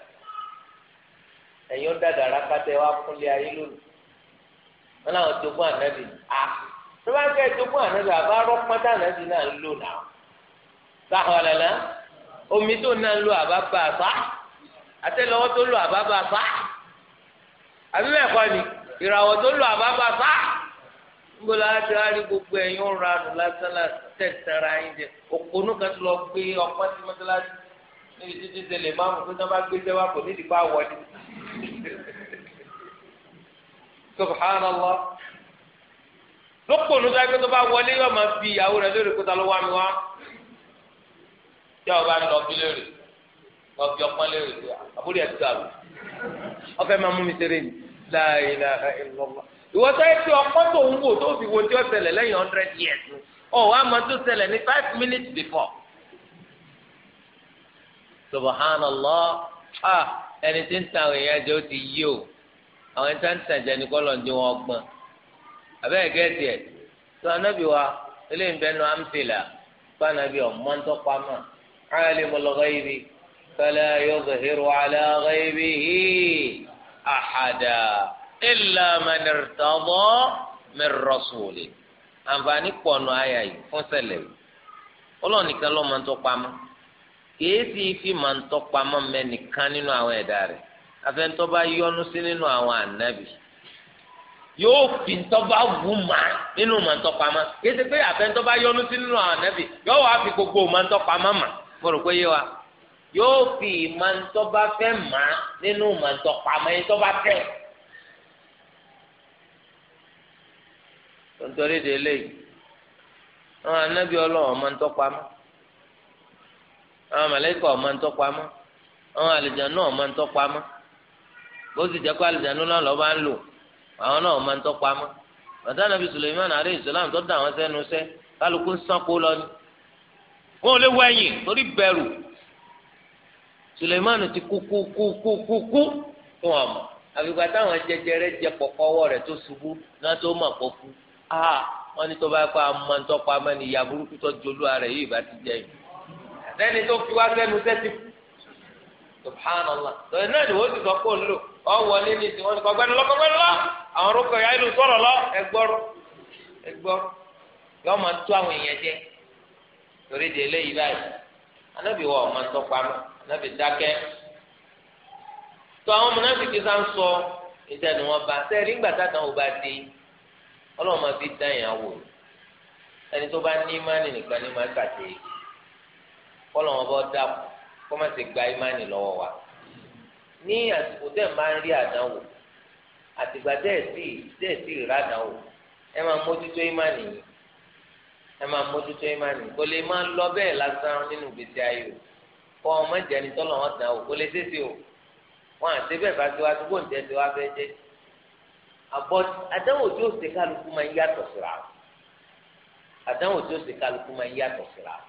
ẹ̀yin ó dàdàrà kátẹ́ wá fúnlé ayé lónìí wọn làwọn jogún anabi a. Ah tó bá ń kẹ́ ìdókòwò ànábì àbá rọ́pọ́n tànàbì náà ń lò náà sáwọn lẹ́la omi tó náà ń lò àbá bá a fa àtẹ́lẹwọ́ tó lò àbá bá a fa àbí bẹ́ẹ̀ ni ìràwọ̀ tó lò àbá bá a fa níbo la ti wá rí gbogbo ẹ̀yin ń ra nù lásán tẹ̀sára yín jẹ òkòónú kan tó lọ gbé ọpọ́n sí mọ́tálásí níbi títí tẹlẹ̀ máa tó náà bá gbé sẹ́wà kò ní subhanallah lópò ní sáré tó bá wọlé yóò máa fi ìyàwó rẹ lórí kó ta ló wá mi wá tí ọba ń lọ bí lórí lọ bí ọpọ́n lórí àbúrò ẹ̀ ti dàrú ọfẹ́ máa mú mi ṣeré ni láàyè láàyè lọ́wọ́ ìwọ sọ pé ọpọ́n tó ń wò tó fi wo tí ó ṣẹlẹ̀ lẹ́yìn hundred years ọ̀ wá máa tó ṣẹlẹ̀ ní five minutes before subhanallah ah ẹni tí ń ta àwọn èèyàn jẹ́ ó ti yí o àwọn ẹni tí wọ́n ń tàjẹ́ ní kọ́lọ̀ ń wọn gbọ́n abẹ́rẹ́ gẹ́tì ẹ̀ tó anábì wa eléyìí ń bẹ́ nu amtila kó anábì ọ̀mọ́ ń tọ́pá mọ́ alimul ghaibi fala yuzhiru ala ghaibihi ahada illa man irtada min rasuli àǹfààní pọ̀nù àyà yìí fún sẹlẹ̀ yìí ọlọ́run nìkan ló máa ń tọ́pá mọ́ kìí sì fi máa ń mẹ́nìkan nínú àwọn ẹ̀dá rẹ̀ afẹ́ntọ́ bá yọ́nú sí nínú àwọn ànábì yóò fi ntọ́ba wù má nínú ma ntọ́pamọ́ kéde pé àfẹ́ ntọ́ba yọnu sí nínú àwọn ànábì yóò wá fi gbogbo ma ntọ́pamọ́ mà mo rò pé yé wa yóò fi ma ntọ́ba fẹ́ má nínú ma ntọ́pamọ́ yẹn tọ́ba fẹ́. tontori de lé àwọn ànábì ọlọ́wọ́ ma ntọ́pamọ́ àwọn mẹlẹ́kọ̀ ma ntọ́pamọ́ àwọn àlejò náà ma ntọ́pamọ́ bó sì jẹ́ pé àlejò náà lọ́ba ń lò àwọn náà máa ń tọ́pa mọ́ bàtà nàbí Suleiman alayhi salam tó dá àwọn sẹ́nu sẹ́ kálukú ń sànpó lọ ni wọn ò lè wọ ẹ̀yìn torí bẹ̀rù Suleiman ti kú kú kú kú kú kú fún wọn mọ̀ àfìgbà táwọn jẹjẹrẹ jẹ pọ̀pọ̀ ọwọ́ rẹ̀ tó ṣubú náà tó mọ̀ pọ̀ kú ah wọn ní tó bá pa máa ń tọ́pa mọ́ ni ìyá burúkú tó jolú ara yìí ìbá ti jẹ yìí àtẹ́ni tó fi wá sẹ́nu sẹ́ ti kú subhanallah tọ́yìn náà ni wọ́n ti sọ pé òun ọ wọlé ní ti wọ́n ti kọ́ gbẹ́ni lọ́kọ́ gbẹ́ni lọ́ àwọn orúkọ ìyá ìlú sọ̀rọ̀ lọ ẹgbọ́rọ̀ ẹgbọ́rọ̀ yọ máa tó àwọn èèyàn jẹ torí di eléyìí báyìí anábì wọ ọmọ tó pamọ́ anábì dákẹ́ tó àwọn ọmọ náà fi kí sáà ń sọ ìjà ni wọ́n bá sẹ́ẹ̀rí ńgbà ò bá fi dá wò ẹni tó bá ní nìkan ní kó má ṣe gba ìmánì lọ́wọ́ wa ní àsìkò tẹ́ ẹ̀ máa ń rí àdánwò àtìgbà tẹ́ ẹ̀ sì tẹ́ ẹ̀ sì rí àdánwò ẹ máa mójútó ìmánì yìí ẹ máa mójútó ìmánì kò lè máa lọ bẹ́ẹ̀ lásán nínú gbèsè ayé o kọ́ ọmọ ìjẹni tọ́lọ̀ wọn dàn o kò lè tètè o wọn àti bẹ́ẹ̀ bá ti wá tó bóun jẹ́ ti wá fẹ́ jẹ́ àbọ̀ àdánwò tí ó ṣe kálukú máa ń yàtọ̀ síra àdánwò tí ó ṣe kálukú máa ń yàtọ̀ síra o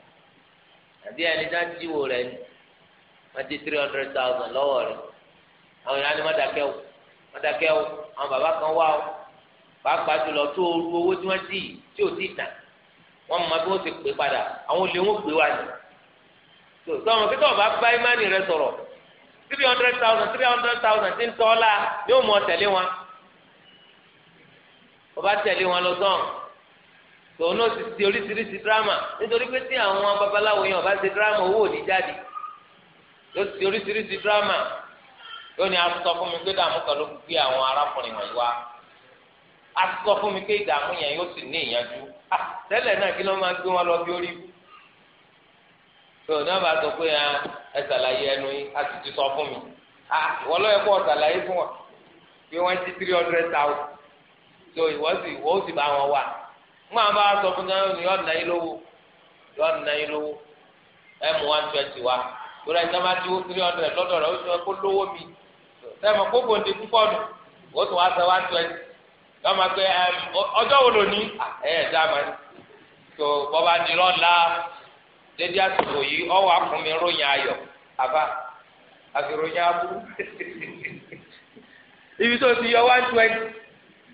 àbí ẹni náà jíwò rẹ ni wọ́n ti three hundred thousand lọ́wọ́ rẹ àwọn èèyàn ni wọ́n dákẹ́ o wọ́n dákẹ́ o àwọn bàbá kan wá o pàápàá jùlọ tó o ru owó tí wọ́n dì tí ò tí ì tàn wọ́n mọ bí wọ́n ti pè padà àwọn olè wọn pè wá ni tó sọmọ pé tọ́wọ́ bá bá imáni rẹ sọ̀rọ̀ three hundred thousand three hundred thousand ti ń tọ́ ọ́ la yóò mọ tẹ̀lé wọn ọba tẹ̀lé wọn lọ sọ́n tòun náà ti ti oríṣiríṣi dírámà nítorí pé tí àwọn babaláwo yẹn ọba ṣe dírámà owó òní jáde yóò ti oríṣiríṣi dírámà yóò ní asọ fún mi pé dààmú kan ló gbé àwọn arákùnrin wọ̀nyí wá asọ fún mi pé ìdààmú yẹn yóò sì ní ìyanjú tẹ́lẹ̀ náà kí ló máa gbé wọn lọ bí orí tòun náà bá sọ pé ah, ẹ ṣàlàyé ẹnu yìí a sì ti sọ fún mi ìwọ lọ́yẹ kó ṣàlàyé fún wọn pé wọ́n ti three hundred thousand so ìwọ sì wọ́n sì bá wọn wà. ńgbà bá sọ fún náà ni yọ ọ̀nà yìí lówó yọ ọ̀nà yìí lówó ẹ̀mú one twenty wa lórí ẹ̀sán bá ti wó three hundred lọ́dọ̀ rẹ̀ ó ti kó lówó mi sẹ́mi kó bòde púpọ̀ nù ó tún wá sọ one twenty ma pé ọjọ́ wo lò ní ẹ̀ ẹ̀ dá ma ní tó bọ́ba ní dédé yìí ròyìn ayọ̀ àbá àfi ròyìn ibi tó ti yọ one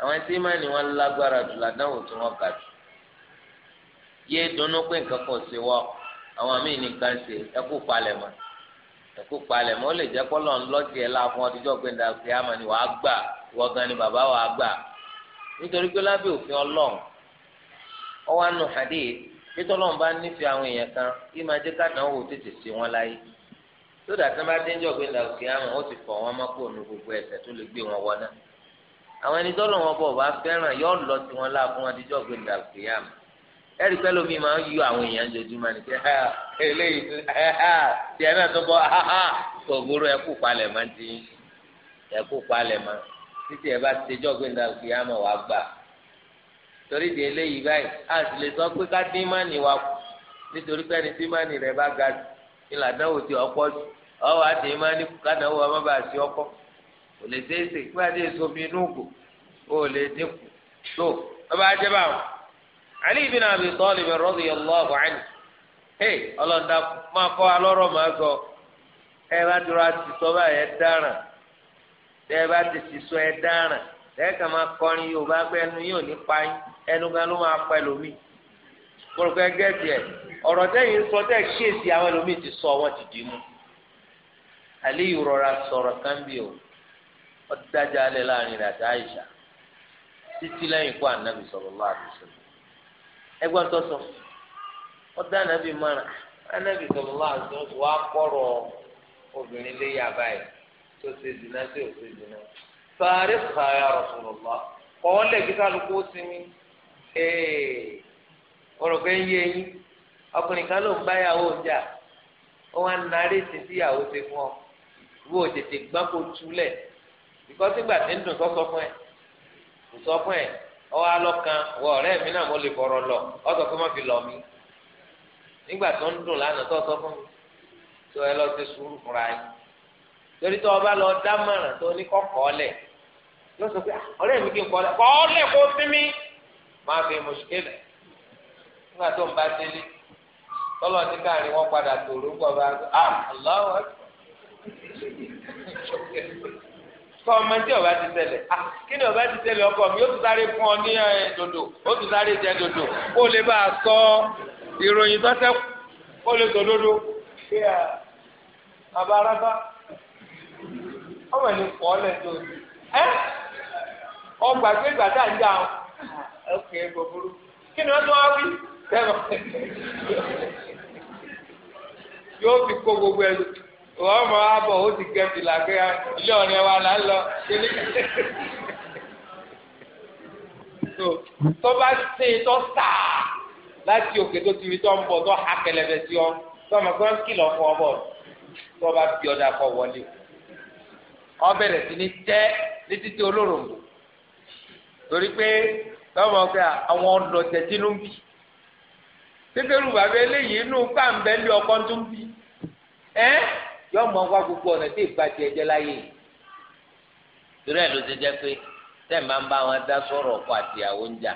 àwọn tí má ni wọn lágbára jù ládàáwò tí wọn kà jù yé dunu pé nǹkan kan ṣe wọ àwọn míì nìkan ṣe ẹkú palẹ̀ mọ́ ẹkú palẹ̀ mọ́ ó lè jẹ kọlọ ńlọtì ẹ láàfún ọdíjọ gbẹndà sí àmà ni wàá gbà wọgán ni bàbá wàá gbà nítorí pé lábẹ́ òfin Ọlọ́run ọwọ àánú hadith títọ́lọ́run bá nífẹ̀ẹ́ àwọn èèyàn kan kí máa jẹ́ kádàáwò tètè sí wọn láyé tó dàtí wọn bá dénjọ́ gbẹndà sí àmà ó ti fọ̀ wọn mọ́kò nu gbogbo ẹ̀ṣẹ̀ tó lè gbé wọn wọ náà àwọn ẹni tó lọ́wọ́ bọ̀ bá fẹ́ràn yóò lọ tí wọ́n láàbù wọn díjọ́ gbé ní àlùkìyàmù ẹ̀rí pẹ́ lómi máa ń yọ àwọn èèyàn jojúmọ́ ni pé eléyìí tiẹ̀ náà tó bọ́ kò burú ẹ̀kú palẹ̀ máa ti ẹ̀kú palẹ̀ máa títí ẹ̀ bá tẹjọ́ gbé ní àlùkìyàmù wàá gbà torí di eléyìí báyìí a sì lè sọ pé ká dín mánì wa kù nítorí pé ẹni tí mánì rẹ̀ bá ga ìlànà òtí ọ̀pọ̀ ọ̀ lè ṣeéṣe pé adé èso mi inú ògò ó lè dínkù tó ọba ajẹ́ bá wọn. Ali ibn Abi Talib radiyallahu anhu hey ọlọ́dà ma kọ́ alọ́rọ̀ ma sọ ẹ bá dúró sọ ẹ dara ẹ bá ti sọ ẹ dáràn lẹ́ẹ̀kan máa kọrin yóò bá gbé ẹnu yóò ní ẹnu ló ti sọ ti o ọdájà alẹ́ láàrin rẹ̀ àti àyíṣà títí lẹ́yìn kó ànábì sallallahu alaihi wasallam ẹgbọn tó sọ ọdá ànábì mọra ànábì sallallahu alaihi wasallam wà kọrọ obìnrin lé yàrá yìí tó ṣe dìnnà tó ṣe dìnnà sáré sàrà Rasulullah kọ́ lẹ́bi kálukú sinmi ee ọ̀rọ̀ fẹ́ yé yín ọkùnrin kan ló ń bá yàwó jà ó wà nàárẹ̀ títí yàwó ṣe fún ọ bó tètè gbá túlẹ̀ bíkọ́sì gbà tí ń dùn sọ́sọ́ fún ẹ kò sọ fún ẹ ọwọ́ alọ́kan wọ ọ̀rẹ́ mi náà mo lè fọ̀rọ̀ lọ ọ̀sọ̀ fún ma fi lọ mi nígbà tó ń dùn lánàá tó sọ fún mi tó ẹ lọ sí sùúrù fúnra yín torí tó ọba lọ dámọ̀ràn tó ní kọ́kọ́ lẹ̀ yóò sọ pé ah, ọ̀rẹ́ mi kì í kọ́ kọ́ lẹ̀ kó sí mi máa fi mùsùlùmí nígbà tó ń bá délé tọ́lọ̀ ní káàrin wọn padà tòrò gbọ́ bá a ah, lọ́wọ́ tọ́ ọmọ tí ọba ti tẹ̀lẹ̀ ah, kí ni ọba ti tẹ̀lẹ̀ ọkọ mi yóò tún sáré fún ọ ní dòdò ó sáré jẹ dòdò kó o lè bá a sọ ìròyìn o lè sọ dòdò ọmọ pọ̀ ọ́ ọgbà ń dà ah, kí ni wọ́n tún wá yóò fi kó wọ́n mọ abọ̀ ó ti gẹ̀ẹ́sì làgbé ilé ọ̀rẹ́ wa là ń lọ kíní. tó bá ṣe tó sà láti òkè tó ti rí tó ń bọ̀ tó ha kẹlẹ̀bẹ̀ sí ọ tó ọmọ kan kìlọ̀ fún ọ bọ̀ tó bá fi ọ̀dà kọ wọlé ọ bẹ̀rẹ̀ sí ní tẹ́ ní títí olóròǹbó torí pé tọ́mọ pé àwọn ọ̀dọ̀ tẹ̀sí ló ń bì tẹ́tẹ́rù bàbá eléyìí inú pàǹbẹ́lì ọkọ̀ tó ń bì ẹ́ yọ ọmọ wá gbogbo ọ̀nà tí ìbàjẹ́ ẹ̀jẹ̀ láyé yìí torí ẹ̀ ló ti jẹ́ pé tẹ́ ẹ̀ máa ń bá wọn dá sọ̀rọ̀ ọkọ àtìyàwó ń jà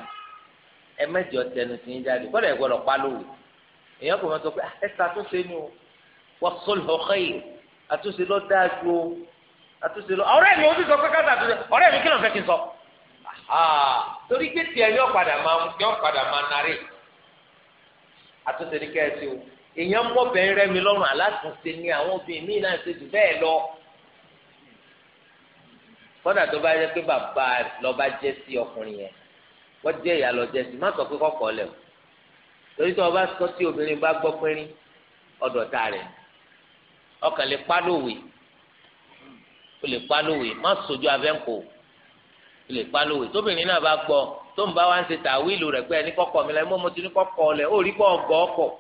ẹ mẹ́jọ tẹnu ti ń jáde kọ́dà ìgbọ́dọ̀ pa lówe èèyàn kò mọ̀ sọ pé ah, ẹ ṣàtúnṣe ni o wọ́n sọ̀rọ̀ ọ̀kẹ́ yìí àtúnṣe ló dáa ju o àtúnṣe ló ọ̀rẹ́ mi ò ti sọ pé ká ṣàtúnṣe ọ̀rẹ́ mi kí ló fẹ́ kí n sọ. torí pé tiẹ̀ yọ padà máa ń yọ padà máa narí àtúnṣe ní kẹ́ẹ̀sì o èèyàn mọ̀bẹ̀rin rẹ mi lọ́rùn alátúnṣe ni àwọn obìnrin míì náà ṣe jù bẹ́ẹ̀ lọ. kọ́dà tó bá yẹ pé bàbá lọ́ba jẹ́ sí ọkùnrin yẹn wọ́n jẹ́ ìyá lọ jẹ́ sí má sọ pé kọ́kọ́ lẹ̀ o torí tí wọ́n bá sọ tí obìnrin bá gbọ́ pínrín ọ̀dọ̀ ta rẹ̀ ọkàn lè pa lówe o lè pa lówe má sojú abẹ́ǹkò o lè pa lówe tóbìnrin náà bá gbọ́ tó ń bá wá ń ṣe tàwílù rẹ̀ pé ẹni kọ́kọ́ mi lẹ́ mo ti ní kọ́kọ́ lẹ̀ ó rí bọ́ọ̀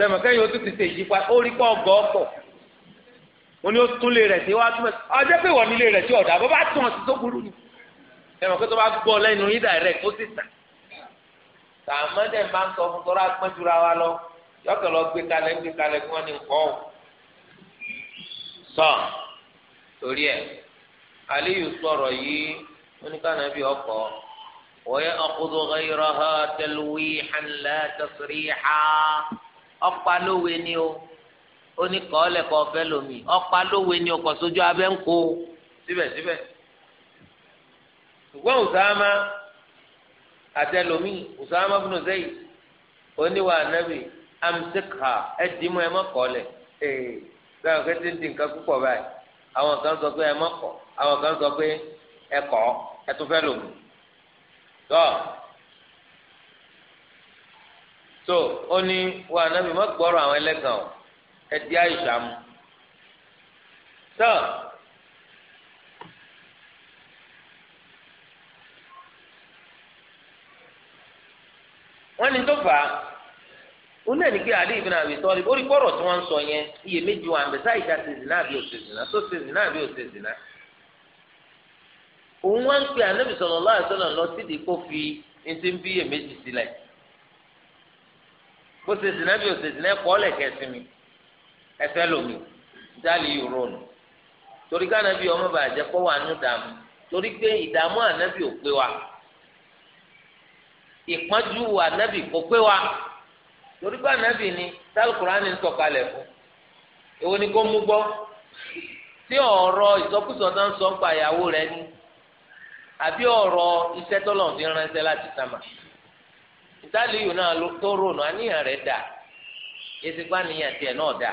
sẹ́mi kẹ́yìn ojú ti ṣe ìyípa ó rí pọ̀ ọgọ́ ọkọ̀ wọn ni ó tún lè rẹ̀ sí wá túmọ̀ ọjọ́ pé wọ́n nílé rẹ̀ sí ọ̀dà bó bá tún ọ̀sìn tó burú ni sẹ́mi kẹ́tọ́ bá gbọ́ lẹ́nu yín direct ó sì tà tàmọ́dé máa ń sọ fún tọ́lá pẹ́jura wa lọ yọkẹ́ lọ gbé kalẹ̀ gbé kalẹ̀ kí wọ́n ní nǹkọ́ ọ̀ sọ torí ẹ̀ Aliyu sọ̀rọ̀ yìí oníkànnà bíi ọkọ̀ wọ́n yẹ ọkọ̀ tó ọ̀pá lówe ni o ó ní kọ́ lẹ́kọ̀ ọ̀fẹ́ lomi ọ̀pá lówe ni o kò sójú abẹ́ ń kó síbẹ̀síbẹ̀ ṣùgbọ́n Usama àtẹlomi Usama fúnu sẹ́yìn oníwà anabi amsikha ẹdìmọ ẹ mọkọ lẹ ee bẹ́ẹ̀ kẹtẹ ti nǹkan púpọ̀ báyìí àwọn kan sọ pé ẹ mọkọ àwọn kan sọ pé ẹ kọ ẹ tún fẹ́ lomi tó ó ní wa anábì má gbọ́rọ̀ àwọn ẹlẹ́gàn o ẹ àyíṣà mu tó wọ́n ní tó fà á oní ẹnìkẹ́ àdé ìbínú àbí tọ́lí ó rí tí wọ́n sọ yẹn iye méjì wà ń bẹ̀ sáà ṣe zìnnà àbí òṣè zìnnà tó ṣe zìnnà àbí òṣè zìnnà òun wá ń ó ṣe zina bí ó ṣe zina ẹkọ ọlẹkẹ sí ẹfẹ lomi dálì yòrónù torí gánà bí ọmọ bàjẹ́ kọ́ wà nù dààmú torí pé ìdààmú ànábì ò pé wa ìpọ́njú ànábì kò pé wa torí pé ànábì ni sálùkùránì ń sọ̀kalẹ̀ fún èwo ni kó mú gbọ́ tí ọrọ ìsọkúsọ tó ń sọ ń pa ìyàwó rẹ ni àbí ọ̀rọ̀ iṣẹ́ tọ́lọ̀ fi ránṣẹ́ láti sàmà. ìtàlíyù náà tó rònú àníyàn rẹ̀ dà níyàn náà dà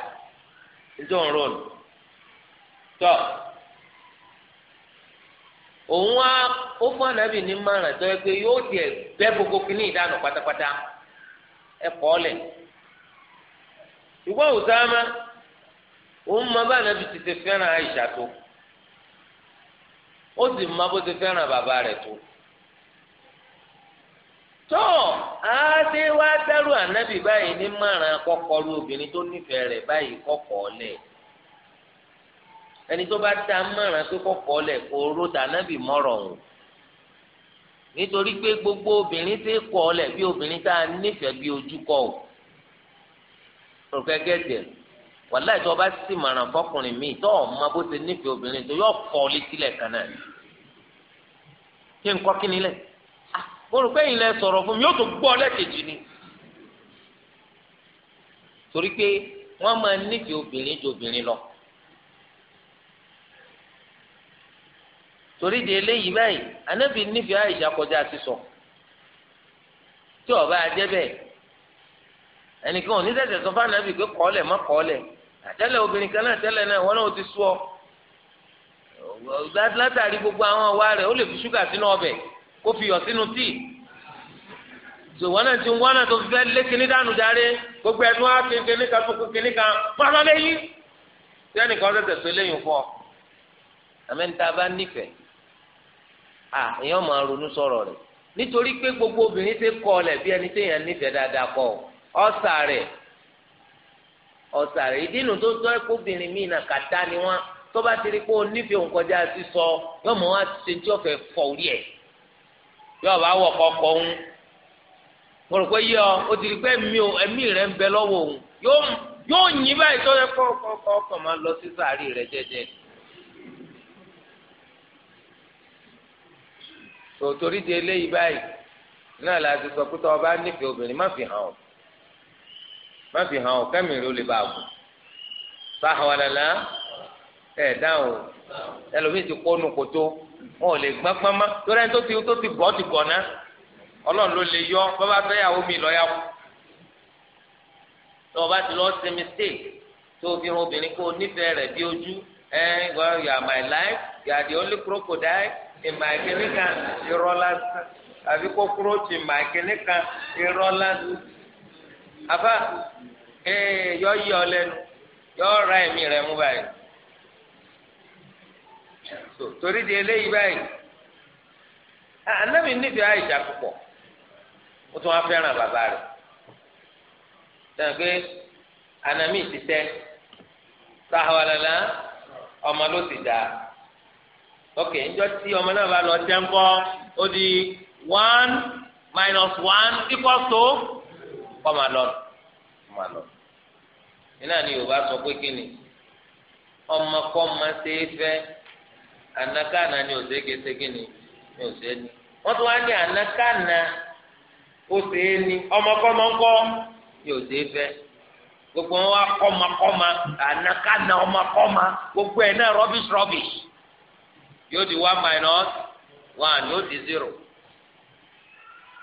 nítorí rònú òun ó fún ní márùn pé yóò tiẹ̀ bẹ́ gbogbo kínní ìdáná pátápátá ẹ kọ́ lẹ̀ ṣùgbọ́n òun mọ bá ti ṣe fẹ́ràn ó sì mọ bó ṣe fẹ́ràn bàbá rẹ̀ tó. tó ti wá dárú ànábì báyìí ní márùn akọkọrú obìnrin tó nífẹ̀ẹ́ rẹ̀ báyìí kọkọ lẹ̀ ẹni tó bá dá márùn pé kọ́kọ́ lẹ̀ kó ró tànábì mọ́rọ̀ nítorí pé gbogbo obìnrin ti kọ́ bí obìnrin tá a nífẹ̀ẹ́ bí wàláì tó o bá sì fọkùnrin tó o mọ yọ kọ́ ọ létí lẹ̀ kan náà kí mo rò pé yìí lẹ sọ̀rọ̀ fún mi yóò tún gbọ́ lẹ́kejì ni torí pé wọ́n máa nífẹ̀ẹ́ obìnrin ju obìnrin lọ torí di eléyìí báyìí anábì nífẹ̀ẹ́ àìsà kọjá sísọ tí ọba ajẹ bẹ́ẹ̀ ẹnìkan ò ní ṣẹ̀ṣẹ̀ sọ fún anábì pé kọọlẹ má kọọlẹ àtẹlẹ obìnrin kan náà tẹ́lẹ̀ náà wọn náà ti sú ọ látàrí gbogbo àwọn ọwá rẹ̀ ó lè fi ṣúgà sínú ọbẹ̀ kó fi yọ̀ sínú tíì tòwọ́n náà ti ń wọ́n náà tó fi fẹ́ lé kíní dànù járe gbogbo ẹnu á fi kíní kan tó kú kíní kan pàmò lẹ́yìn tí ẹnìkan tẹ̀sẹ̀ pé lẹ́yìn fọ́ àmẹ́ńtà bá nífẹ̀ẹ́ à èèyàn máa ronú sọ̀rọ̀ rẹ̀ nítorí pé gbogbo obìnrin ti kọ́ ọ lẹ̀ bí ẹni téèyàn nífẹ̀ẹ́ dáadáa kọ́ ọ̀sà rẹ̀ ọ̀sà rẹ̀ ìdí inú tó tọ́ ẹ̀kọ́ obìnrin míì náà kàtá ni wọ́n tó bá ti rí pé ó nífẹ̀ẹ́ òun kọjá sọ yọ̀mọ̀ yóò bá wọ kọkọ ń mo rò pé yíyọ ó ti rí pé ẹ̀mí rẹ̀ ń bẹ lọ́wọ́ òun yóò yín báyìí tó yẹ kọ́ kọ́ kọ́ kọ́ lọ sí sàárì rẹ̀ jẹ́jẹ́. tòtòrí di eléyìí báyìí náà la ti sọ pé tó o nífẹ̀ẹ́ obìnrin má fi hàn ọ́ má fi hàn ọ́ kẹ́mìrì ó lè bá a bù sáà wàlálà ẹ̀ dáhùn ẹlòmíì ti kó nu kótó wọn ò lè gbọ́n pọ́nmá torí ẹni tó ti tó ti gọ́ ti gọ̀ ná ọlọ́run ló lè yọ bàbá fẹ́yàwó mi lọ́yàwó tó o bá ti lọ ṣe mistake tó o fi hàn obìnrin kó o nífẹ̀ẹ́ rẹ̀ bí ojú ẹ well you are my life you are the only crocodile in my kìnìún kan irọ́ lásán àbí kókóró ti in my kìnìún kan irọ́ lásán àbá yọ yí ọ lẹ́nu yọ ra ẹ̀mí rẹ̀ mú báyìí torí di eléyìí báyìí anabi nífẹ̀ẹ́ àyíṣà púpọ̀ ó tún wá fẹ́ràn bàbá rẹ̀ sẹ́yìn pé anami ti tẹ́ sáhàwálálá ọmọ ló ti dà ok njọ́ tí ọmọ náà bá lọ jẹ́ ńkọ́ ó di one minus one equals to ọmọ àlọ́nù ọmọ àlọ́nù iná ni Yorùbá sọ pé kí ni ọmọ máa ṣe é fẹ́. anakana ni òsè keseke ni ni ni wọn tún wá ní anakana òsè ni ni òsè gbogbo wọn wá kọmakọma anakana ọmọkọma gbogbo ẹ náà rubbish rubbish yóò di one minus one yóò di zero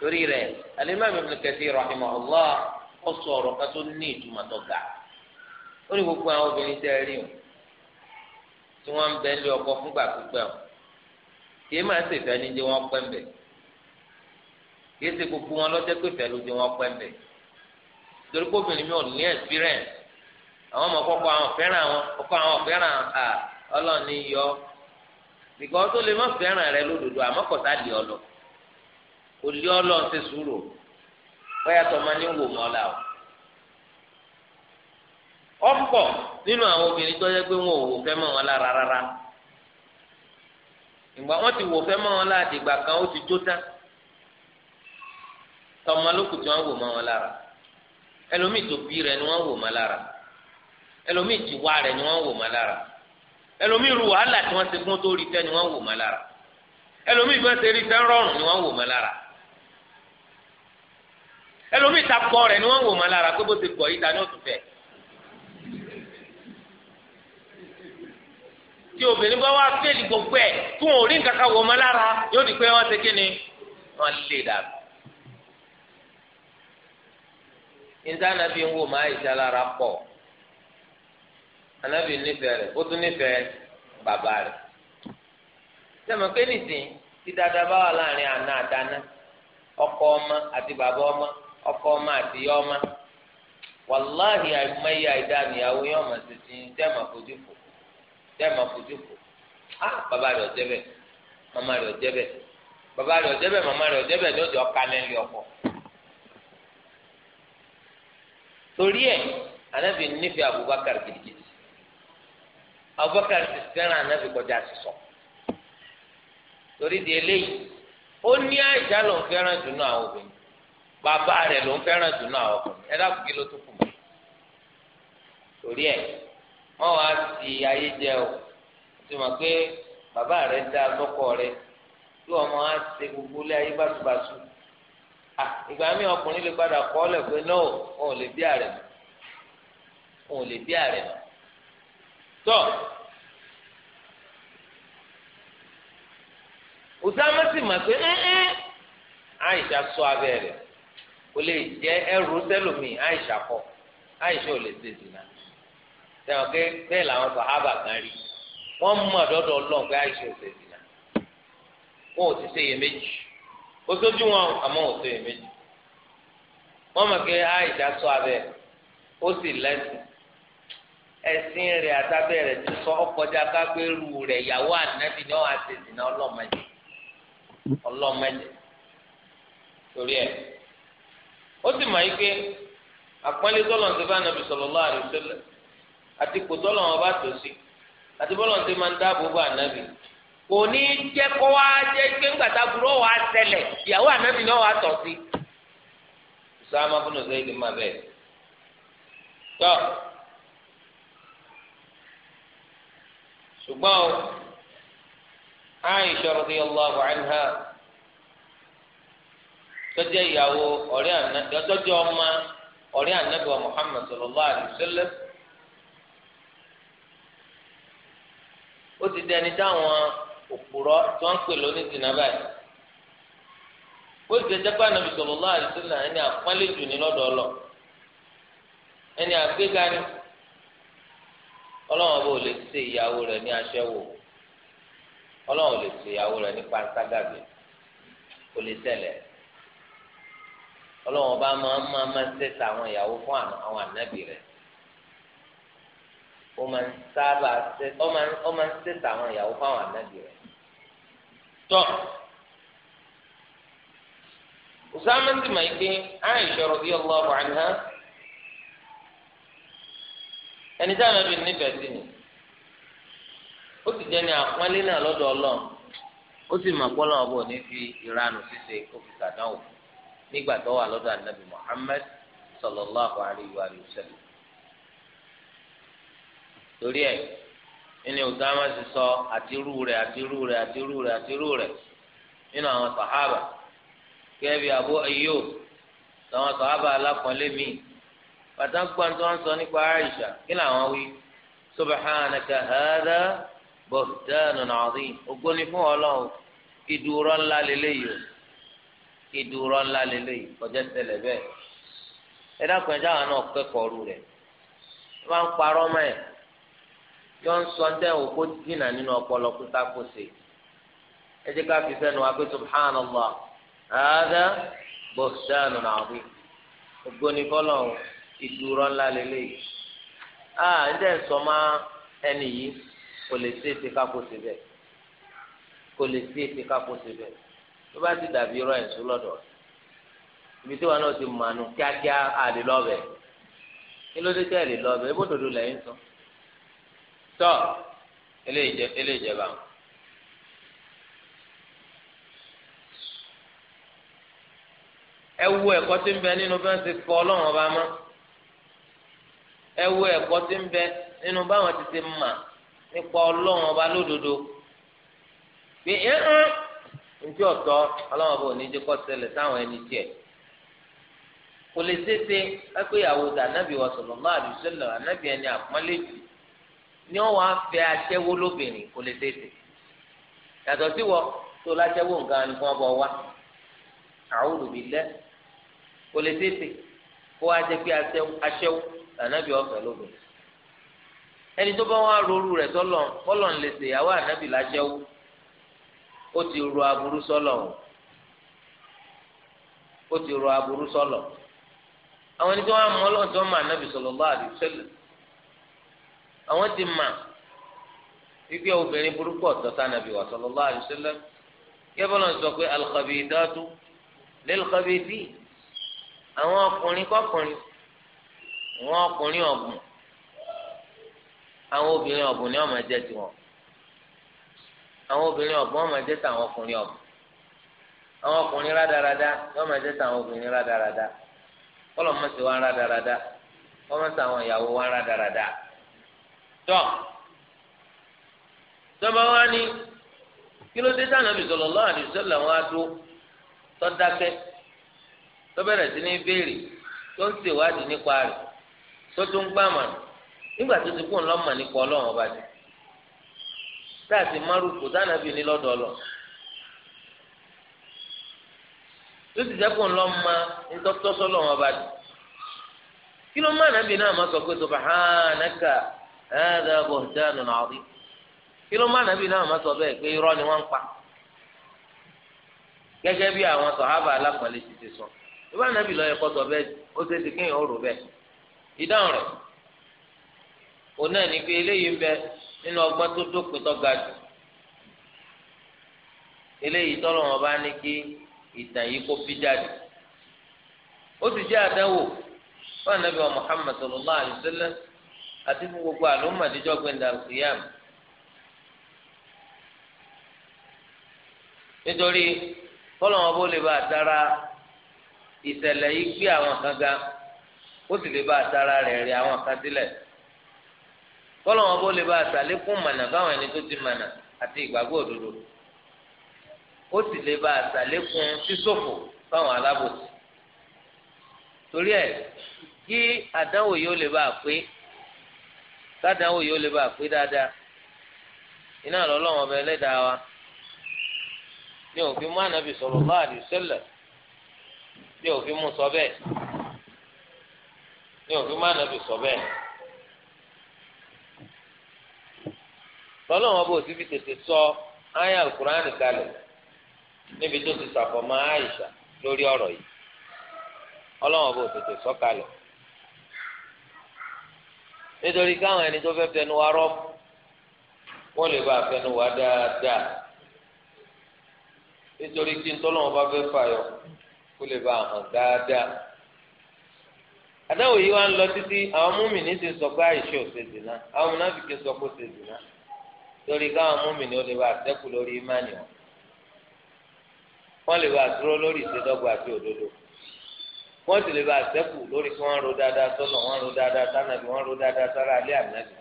torí rẹ alimami ibn Kathir rahimahullah ó sọ ní ga ó ní gbogbo àwọn obìnrin tẹ́ tí wọ́n ń bẹ ń lé ọkọ fúngbà pípẹ́ o kì í máa ṣe ìfẹ́ ní jẹ́ wọ́n pẹ́ ń bẹ̀ kì í ṣe gbogbo wọn lọ́jọ́ pé ìfẹ́ ló jẹ́ wọ́n pẹ́ ń bẹ̀ torí pé obìnrin mi ò ní experience àwọn ọmọ kọ́kọ́ àwọn fẹ́ràn àwọn kọ́kọ́ àwọn fẹ́ràn à ọlọ́ọ̀ni yọ bìkọ́ tó lè má fẹ́ràn rẹ lódodo àmọ́ kọ̀tà lé ọ lọ kò lé ọ sùúrù bóyá tọ́ ma ní wò mọ́ la o ọ̀pọ̀ nínú àwọn obìnrin tó yẹ pé wọn ò wò fẹ́ mọ wọn lára rárá ìgbà wọn ti wò fẹ́ mọ wọn lára dìgbà kan ó ti tó tán tọmọ lókùn tí wọn wò mọ́ wọn lára ẹlòmíì tó bí rẹ̀ ni wọn wò lára ru wàhálà tí wọn ti gún tó rí ni wọn wò lára ẹlòmíì rí rọrùn ni wọn wò lára ẹlòmíì ta kọ ni wọn wò tí obìnrin bá wá fèlì gbogbo ẹ̀ tí wọn ò rí nǹkan kan wọ̀ ọmọ lára yóò di pé wọ́n ti kí ni wọ́n lè dàbí. ń wò ìṣe alára pọ̀ nífẹ̀ẹ́ rẹ̀ nífẹ̀ẹ́ bàbá rẹ̀. sẹ́mi tí bá wà láàrin àná àdáná ọkọ ọmọ àti bàbá ọmọ tẹ́ ẹ̀ máa fojú fò á bàbá rẹ̀ ọ̀jẹ́ bẹ̀ màmá rẹ̀ ọ̀jẹ́ bẹ̀ bàbá rẹ̀ ọ̀jẹ́ bẹ̀ màmá rẹ̀ ọ̀jẹ́ bẹ̀ ní ọjọ́ kalẹ̀ ńlẹ̀ ọkọ̀. torí ẹ̀ anábì nífẹ̀ẹ́ Abubakar gidigidi Abubakar ti fẹ́ràn kọjá sísọ torí di eléyìí ó ní àìsàn ló ń fẹ́ràn àwọn obìnrin bàbá rẹ̀ ló ń fẹ́ràn àwọn ọkùnrin wọn wá sí ayé jẹ o ti mọ̀ pé bàbá rẹ dá sọ́kọ rẹ tí wọn máa ṣe gbogbo lé ayé báṣubàṣu à ìgbà mi ọkùnrin lè padà kọ́ ọ́ lẹ̀ pé náà òun ò lè bí àrẹ̀ mọ́ òun ò lè bí àrẹ̀ mọ́ tọ́ Usama sì mọ̀ pé Aisha sọ abẹ́ rẹ̀ kò lè jẹ́ ẹrù sẹ́lòmíì Aisha kọ́ Aisha ò lè ṣe dìnnà. sẹ́wọ̀n pé bẹ́ẹ̀ làwọn sàhábà kan rí wọ́n mú àdọ́dọ̀ ọlọ́run pé àìsàn òsè dìnnà wọn ò ti ṣe iye méjì ó sójú wọn àmọ́ ò ṣe iye méjì wọ́n mọ̀ pé àìsàn sọ abẹ́ ó sì lẹ́sìn ẹ̀sìn rẹ̀ àtàbẹ̀ rẹ̀ ti sọ ọkọjá kápẹ́rù rẹ̀ ìyàwó ànábì ni wọ́n á ṣe ọlọ́mọdé ọlọ́mọdé torí ẹ̀ ó sì mọ̀ yí pé àpọ́nlé àti kòtò ọlọ́wọ́n bá tó sí àti bọ́lọ̀ ní máa ń dáàbò bá ànábì kò ní jẹ́ kó wá jẹ́ pé ńgbàtà burú wà á ìyàwó ànábì náà wà tọ̀ sí. Usama bin Zaid máa bẹ̀ tọ́ ṣùgbọ́n o Aisha radiyallahu anha tọ́jú ìyàwó ọ̀rẹ́ ọmọ ọ̀rẹ́ Muhammad sallallahu alayhi ó ti dẹni táwọn òpùrọ́ tí wọ́n ń pè lónìí dìnnà báyìí bó ti jẹ́ pé ànábì sallallahu alaihi wasallam ẹni àpọ́nlé jù ní lọ́dọ̀ ọlọ ẹni àgbéga ni ọlọ́wọ́n bò lè ṣe ìyàwó rẹ̀ ní aṣẹ́wó ọlọ́wọ́n lè ṣe ìyàwó rẹ̀ ní panṣágàbẹ̀ kò lè tẹ̀lẹ̀ ọlọ́wọ́n bá máa máa ta ṣẹ̀ṣẹ̀ àwọn ìyàwó fún àwọn ànábì ó máa ń sábà ṣe ó máa ń ó máa ń ṣèṣà àwọn ìyàwó fáwọn ànábì rẹ̀ tọ Usama ń dìmọ̀ ìgbé Aisha ẹni tí sí ni ó sì jẹ́ ní àpọ́nlé náà lọ́dọ̀ ọlọ́run ó sì ní fi ìranù ṣíṣe fi nígbà tó wà lọ́dọ̀ alayhi torí ẹ̀ nínú ìdáhùn ti sọ àtirú rẹ̀ àtirú rẹ̀ àtirú rẹ̀ àtirú rẹ̀ nínú àwọn sàhábà kẹ́bi Abu Ayyub àwọn sàhábà alákọ̀ọ́lé mi bàtà gbọ́ntọ́ ń sọ nípa Aisha kí làwọn wí subhanaka hadha buhtanun adhim ògbóni fún Ọlọ́run ìdúró ńlá lélẹ́yìí o ìdúró ńlá lélẹ́yìí kọjá tẹlẹ bẹ́ẹ̀ ẹ dákun ẹ náà kẹ́kọ̀ọ́ rú rẹ̀ ẹ máa ń parọ́ mọ́ ẹ̀ yọ ń sọ ntẹ wò kó dínà nínú ọpọlọ kó ká kó se ẹ jẹ ká fi sẹnu wa pé subhanallah àádá bọ̀sánù nàbí ògbónikọ́lọ̀ ìdúró ńlá lélẹ̀ yìí a ntẹ sọmá ẹni yìí kò lè sí ètè ká kó se bẹ kò lè sí ètè ká kó se bẹ tó bá ti dàbí irọ́ ẹ̀ lọ́dọ̀ ibi tí wọn náà ti mọ̀ ànú kíákíá àdìlọ́bẹ̀ kí ló dé tẹ́ ẹ̀ ebó dòdò lẹ́yìn sọ tọ eléyìíjẹba ẹ wo ẹ̀kọ́ tí ń bẹ nínú bí wọ́n ti kọ Ọlọ́run ọba mọ́ ẹ wo ẹ̀kọ́ tí ń bẹ nínú báwọn ti ti mà nípa Ọlọ́run ọba lódodo pé ẹ hàn ntí ọ̀tọ̀ Ọlọ́run ọba ò ní jẹ́ kó ṣẹlẹ̀ sáwọn ẹni tiẹ̀ kò lè ṣeéṣe ẹgbẹ́ ìyàwó dà nábì wọ́n sọ̀rọ̀ máa lù sílẹ̀ ànábì ẹni àpọ́nlé jù ni wọn wá fẹ́ aṣẹ́wó lóbìnrin kò lè tètè yàtọ̀ sí wọ tó láṣẹ́wó nǹkan ni wọn bọ wá àwòrán mi lẹ kò lè tètè kó wá jẹ pé aṣẹ́wó lànàbí ọfẹ lóbìnrin ẹni tó bá wà roru rẹ̀ sọlọ kọlọ ń lè ṣèyàwó ànábì láṣẹ́wó ó ti ro aburú sọlọ o ó ti ro aburú sọlọ àwọn ẹni tó wà mọ Ọlọ́run tó wà mọ ànábì sallallahu alaihi wasallam àwọn ti mà ibi obìnrin burúkú ọ̀tọ̀ sànàbí wa sallallahu alaihi wasallam yẹ́bọ̀lọ́ sọ pé al-khabithatu lil-khabithin àwọn ọkùnrin kọkùnrin àwọn ọkùnrin ọ̀gbùn àwọn obìnrin ọ̀gbùn ni wọ́n máa jẹ́ tiwọn àwọn obìnrin ọ̀gbùn wọ́n máa jẹ́ tàwọn ọkùnrin ọ̀gbùn àwọn ọkùnrin rádaràda wọ́n máa jẹ́ tàwọn obìnrin rádaràda kọ́lọ̀ mọ́sẹ̀ wọn rádaràda kọ́mọ́sẹ̀ àwọn ìyàwó wọn rádaràda. tọ tọba wa ni kí ló dé sànà bí wọn adó tọdákẹ́ tọbẹ̀rẹ̀ sí tó ń ṣèwádìí nípa rẹ̀ tó tún gbàmà nígbà tó ti kú ńlọmọ nípa ọba jù lọ tó ti jẹ kó ńlọmọ nítòtòsọ lọ́run ọba jù kí ló má nàbì náà má sọ pé هذا بهتان عظيم kilo ma nàbí náà ma sọ bẹ́ẹ̀ pé irọ́ ni wọ́n ń pa gẹ́gẹ́ bí àwọn sọ̀hábà alákọ̀ọ́lẹ̀ ti ti sọ ìbá nàbí lọ́ọ́ ẹ̀kọ́ sọ bẹ́ẹ̀ ó ṣe ti kéèyàn rò bẹ́ẹ̀ ìdáhùn rẹ̀ òun náà ní pé eléyìí ń bẹ nínú ọgbọ́n tó dópin tó ga jù eléyìí tọ́lọ̀ wọn bá ní kí ìtàn yìí kó bí jáde ó sì jẹ́ àdáwò fún ànábì wa Muhammad sallallahu àti fún gbogbo àlùmọ̀ àdíjọ́ gbẹ̀ndà kìyàm. nítorí kọ́lọ́wọ́n bó lè bá tara ìṣẹ̀lẹ̀ yìí gbé àwọn kan ga ó sì lè bá àtàrà rẹ̀ rí àwọn kan sílẹ̀ kọ́lọ́wọ́n bó lè bá àtàlékún mànà káwọn ẹni tó ti mànà àti ìgbàgbọ́ òdodo ó sì lè bá àtàlékún sísòfò fáwọn alábòsí torí ẹ kí àdánwò yìí ó lè bá a pé sádàáwò yìí ó lè bá a pé dáadáa iná lọ́lọ́wọ́n ọba ẹlẹ́dàá wa ní òfin mú ànábì sallallahu alaihi wasallam ní òfin mú sọ bẹ́ẹ̀ ní òfin mú ànábì sọ bẹ́ẹ̀ lọ́lọ́wọ́n ọba òsì fi tètè sọ ayé alukuraani kalẹ̀ níbi tó ti sàfọ̀mọ́ Àìṣà lórí ọ̀rọ̀ yìí ọlọ́wọ́n ọba òtètè sọ kalẹ̀ nítorí káwọn ẹni tó fẹ́ fẹnu wa rọ́ wọ́n lè bá fẹnu wa dáadáa nítorí kí n tọ́lọ́ wọn bá fẹ́ fàyọ kó lè bá hàn dáadáa. àdáwò yìí wá ń lọ títí àwọn múmìnì ti sọ pé àìṣe ò ṣe dìná àwọn múnáfìkì sọ pé ó ṣe dìná torí káwọn múmìnì ó lè bá àtẹ́kù lórí ìmánìyàn wọ́n lè bá dúró lórí ìṣèdọ́gba àti òdodo wọ́n sì lè ba àṣẹ́kù lórí kí wọ́n ro dáadáa sọ́nà wọ́n ro dáadáa sánàbí wọ́n ro dáadáa sára alẹ́ ànábì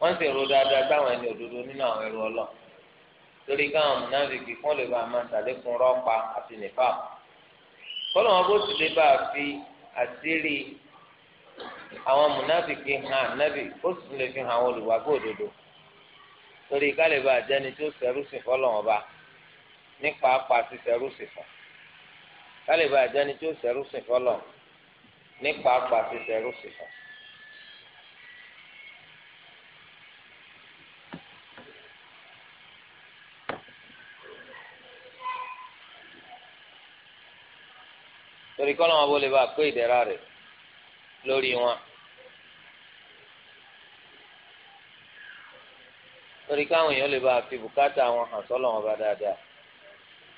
wọ́n sì ro dáadáa sáwọn ẹni òdodo nínú àwọn ẹrù ọlọ́ torí káwọn mùnáfíkì kí wọ́n lè ba àmà sàlékún rọ́pa àti nìfà kọ́lọ́ wọn bó sì lè ba àfi àṣírí àwọn mùnáfíkì hàn ànábì ó sì lè fi hàn àwọn olùwàgbọ́ òdodo torí ká lè ba àjẹni tó sẹ́rù sí fọ́lọ́ wọn ba nípa apá sí sẹ́rù sí fọ́lọ́ kálíbà àjẹni tí ó sẹ̀rù sìn fọlọ̀ nípa àgbà ti sẹ̀rù sìn fọ. torí kọ́ lọ́wọ́ bó lè bá pé ìdẹ́ra rẹ̀ lórí wọn. torí káwọn èèyàn lè bá fi bùkátà wọn hàn sọ́lọ̀ wọn bá dáadáa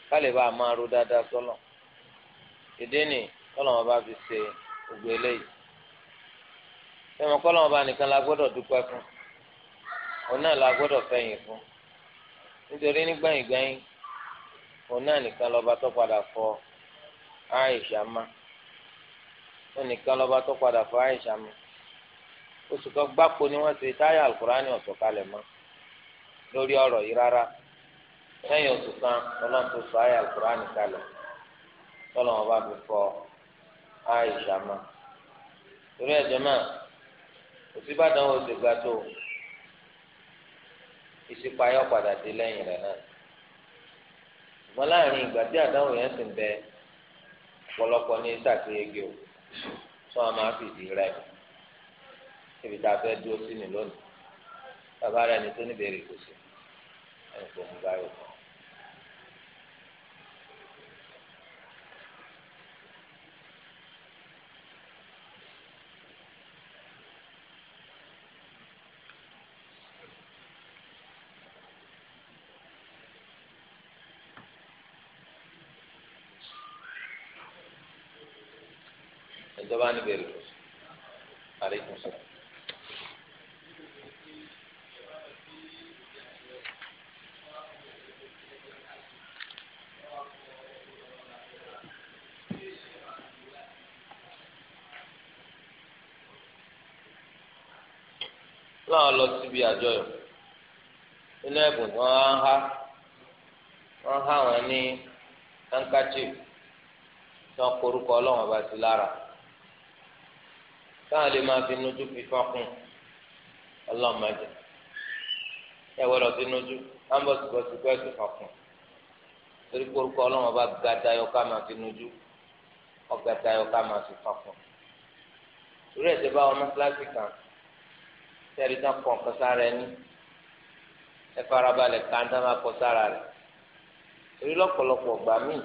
ká lè bá máa ro dáadáa sọ́lọ̀ ìdí ni kọ́lọ́mọ bá fi ṣe ògbé eléyìí sẹ́mi kọ́lọ́mọ bá nìkan la gbọ́dọ̀ dúpẹ́ fún òun náà la gbọ́dọ̀ fẹ̀yìn fún nítorí nígbẹ̀yìn gbẹ̀yìn òun náà nìkan lọ́ba tó padà fọ Àìṣà má òun nìkan lọ́ba tó padà fọ Àìṣà má oṣù kan gbáko ni wọ́n ṣe táyà alukurani ọ̀sọ̀kalẹ̀ mọ́ lórí ọ̀rọ̀ yìí rárá lẹ́yìn oṣù kan lọ́lọ́run tó sọ ayé alukurani kalẹ̀ tọ́lọ̀ wọn bá fi fọ àìsà mọ́ torí ẹ̀jẹ̀ náà kò sí bàdàn ó ti gbà tó ìṣípayọ́ padà dé lẹ́yìn rẹ̀ náà ṣùgbọ́n láàrin ìgbà tí àdáwò yẹn sì ń bẹ ọ̀pọ̀lọpọ̀ ní sàkéyege o tí wọ́n máa fìdí rẹ̀ ibi tá a fẹ́ dúró sí ni lónìí bàbá rẹ̀ ni tó níbẹ̀rẹ̀ kò sí ẹnì kò ní báyìí kan. ìjọba ní bèrè tó àlékún sọ. láwọn lọ síbi àjọyọ̀ nínú ẹ̀bùn tí wọ́n á há wọ́n há wọn ní tí wọ́n korúkọ ọlọ́wọ́n bá ti lára. káwọn lè máa fi nujú fi fọkùn ọlọ́mọdé ẹ wọ́dọ̀ fi nujú ambọ̀sibọ̀sibọ̀ ẹ̀sìn fọkùn torí korúkọ ọlọ́mọ bá gata yọ ká máa fi nujú ọgata yọ ká máa fi fọkùn torí ẹ̀sẹ̀ bá wọn kíláàsì kan tẹ́rì tán kọ̀ ọ̀kan sára ẹni ẹ farabalẹ̀ káńtà máa kọ sára rẹ̀ torí lọ́pọ̀lọpọ̀ gbà míì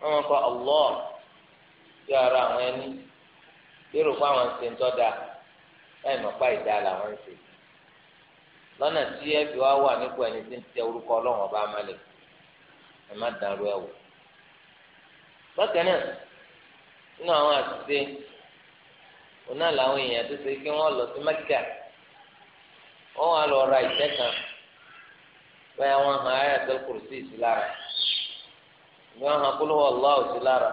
wọ́n máa kọ Allah sí ara àwọn ẹni. lérò pé àwọn ṣe ń tọ́da ẹ̀ mọ̀ pa ìdá làwọn ń ṣe lọ́nà tí ẹ fi wá wà nípò ẹni tí ń tẹ orúkọ ọlọ́run ọba amálẹ̀ ẹ má dàrú ẹ wò bákan náà nínú àwọn àṣìṣe òun náà làwọn èèyàn tó ṣe kí wọ́n lọ sí mẹ́kà wọ́n wá lọ ra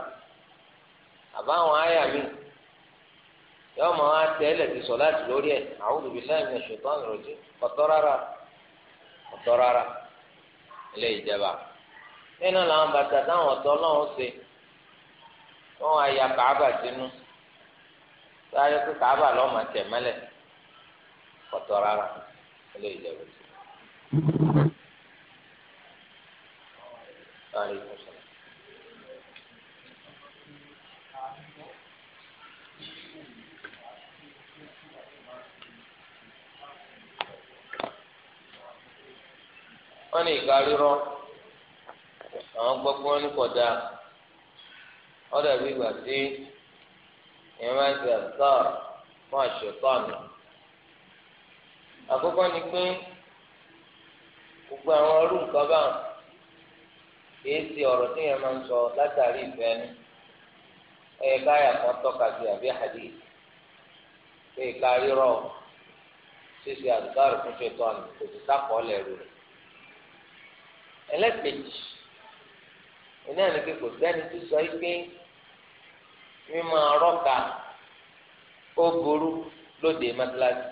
yọọ mọ atẹlẹ ti sọ láti lórí ẹ a'udhu billahi minash shaitani rajim ọtọ rárá ọtọ rárá ilé ìjẹba nínú làwọn bàtà táwọn ọtọ Ọlọ́run ṣe wọn wá ya kàába sínú sáré pé kàába lọọ máa rárá ilé ìjẹba. wọ́n ní ìka rírọ́ àwọn gbọ́ pé wọ́n ní kọjá ọ̀dà bí ìgbà tí ìyẹn máa ń ṣe fún ni pé gbogbo àwọn ọrú nǹkan bá kìí ṣe ọ̀rọ̀ tí ìyẹn máa ń sọ látàrí kan sí àbí pé ìka ṣíṣe fún ẹlẹ́kẹ̀jì oní ike kò sẹ́ni tó sọ yìí pé mímọ ọrọ́ka ó burú lóde mọ́tíláṣí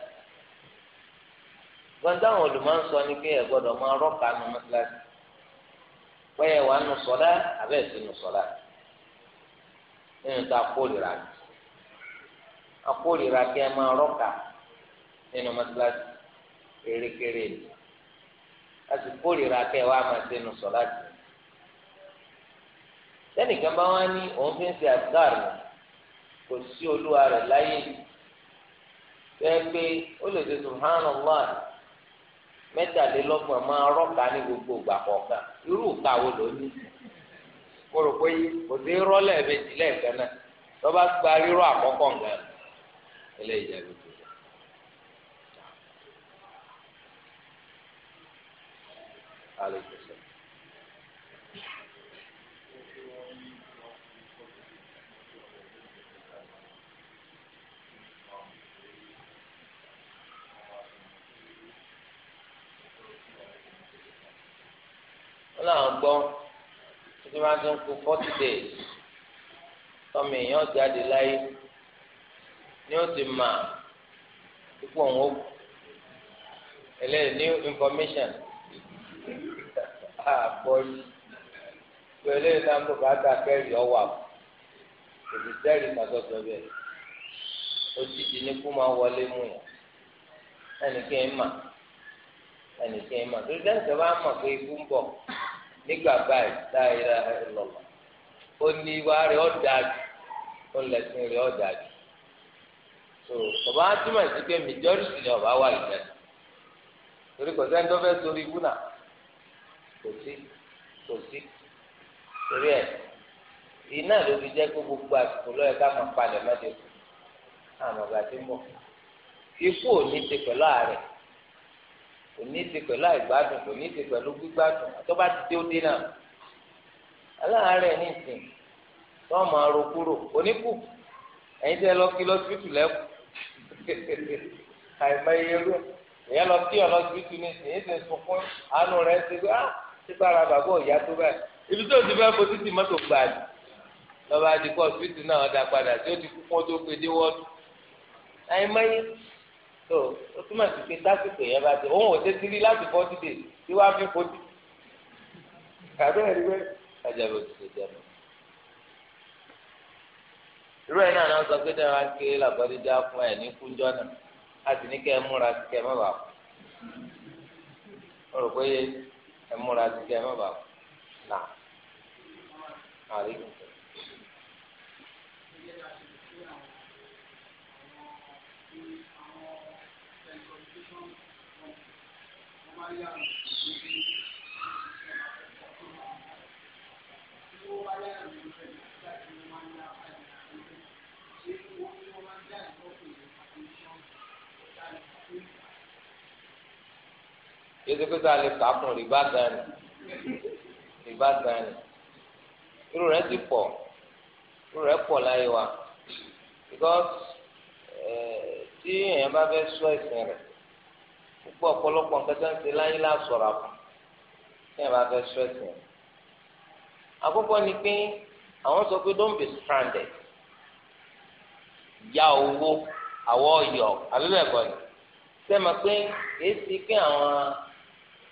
gbọ́ndà àwọn olùmọ̀ọ́sọ ni pé ẹ gbọ́dọ̀ mọ nù mọ́tíláṣí pẹ́yẹ wà nù sọ́lá abẹ́ sí nù nínú tó kí ẹ máa nínú mọ́tíláṣí láti kórìíra kẹ́ ẹ máa ṣe nu sọ láti. sẹ́nìkan bá wá ní òun fi ń ṣe àgbàrò kò sí olúwa rẹ̀ láyé fẹ́ẹ́ pé ó lè ṣe subhanallah mẹ́tàlélọ́gbọ̀n máa rọ́ọ̀ká ní gbogbo ìgbà kọ̀ọ̀kan irú ìka wo ló ní kó rò pé kò sí rọ́ọ̀lẹ̀ méjì náà tó bá gba nǹkan عليه وسلم láwọn gbọ́ títí máa tún kú forty days tọ́mọ èèyàn jáde láyé ni ó ti mà púpọ̀ òun ó eléyìí new information àgbọ̀yì pẹ̀lú ìnáwó bàtà kẹ́rì ọ̀wà òbí sẹ́rì màtọ́tọ́ bẹ́ẹ̀ òtítì ní kó máa wọlé mú yàn ẹnì kí n mà ẹnì kí n mà tó dé ẹsẹ̀ bá mọ̀ pé ikú ń bọ̀ nígbà báyìí láyé lọ́lọ́ ó ní wá rẹ̀ ọ́ dáa jù ó lẹ́sìn rẹ̀ ọ́ dáa jù so bàbá á túmọ̀ sí pé majority ni ọba wà ìjẹ́ torí kò sẹ́ni sórí ikú náà kò sí kò sí torí ẹ iná ló fi jẹ́ kó gbogbo àsìkò lọ́yẹ ká máa palẹ̀ mọ́tò kù àmọ́ ọ̀gá ti ń bọ̀ ikú ò ní ti pẹ̀lú àárẹ̀ kò ní ti pẹ̀lú àìgbádùn kò ní ti pẹ̀lú gbígbádùn àtọ́ba ti dé ó dé náà aláàárẹ̀ ní ìsìn tó máa ro kúrò oníkù ẹ̀yin tẹ́ lọ kí lọ́sibítù lẹ́kù àìmọye irú ìyẹn lọ kí ọ lọ́sibítù ní ìsìn ìsìn sunkún àánú rẹ̀ ṣe pé ah síbára bàbá òyà tó báyìí ibi tó ti fẹ́ fojú ti mọ́tò gbà ní lọ́ba àdìpọ̀ ọ̀sìpìtì náà ọ̀dà padà tí ó ti kú kó tó pe dé wọ́ọ̀dù àìmọye tó o túmọ̀ sí pé lásìkò yẹn bá ti òun ò dé sílí láti fọ́tí dè tí wàá fi fojú kàbẹ́ ẹ̀rí wẹ́ ajá bó ti ṣe jẹ́ mi. irú ẹ̀ náà náà sọ pé dáhùn ake làbọ́dídá fún ẹ̀ ní kúnjọ́ náà a sì ní kẹ́ ẹ múra kẹ́ ẹ má bàa kú. mo rò pé ẹ múra ti kẹ ẹ má bà kú nà àríkù. Thank yéésù pé sáà lè kà á fún rìbá gani rìbá gani irú rẹ̀ ti pọ̀ irú rẹ̀ pọ̀ láyé wa because tí èèyàn bá fẹ́ sọ ẹ̀sìn rẹ̀ púpọ̀ ọ̀pọ̀lọpọ̀ nǹkan tó ń ṣe láyé lásọ̀rọ̀ àpò tí èèyàn bá fẹ́ sọ ẹ̀sìn rẹ̀ àkọ́kọ́ ni pé àwọn sọ pé don't be stranded ya owó àwọ̀ ọ̀yọ̀ àbí bẹ́ẹ̀ kọ́ ni sẹ́mi pé èsì pé àwọn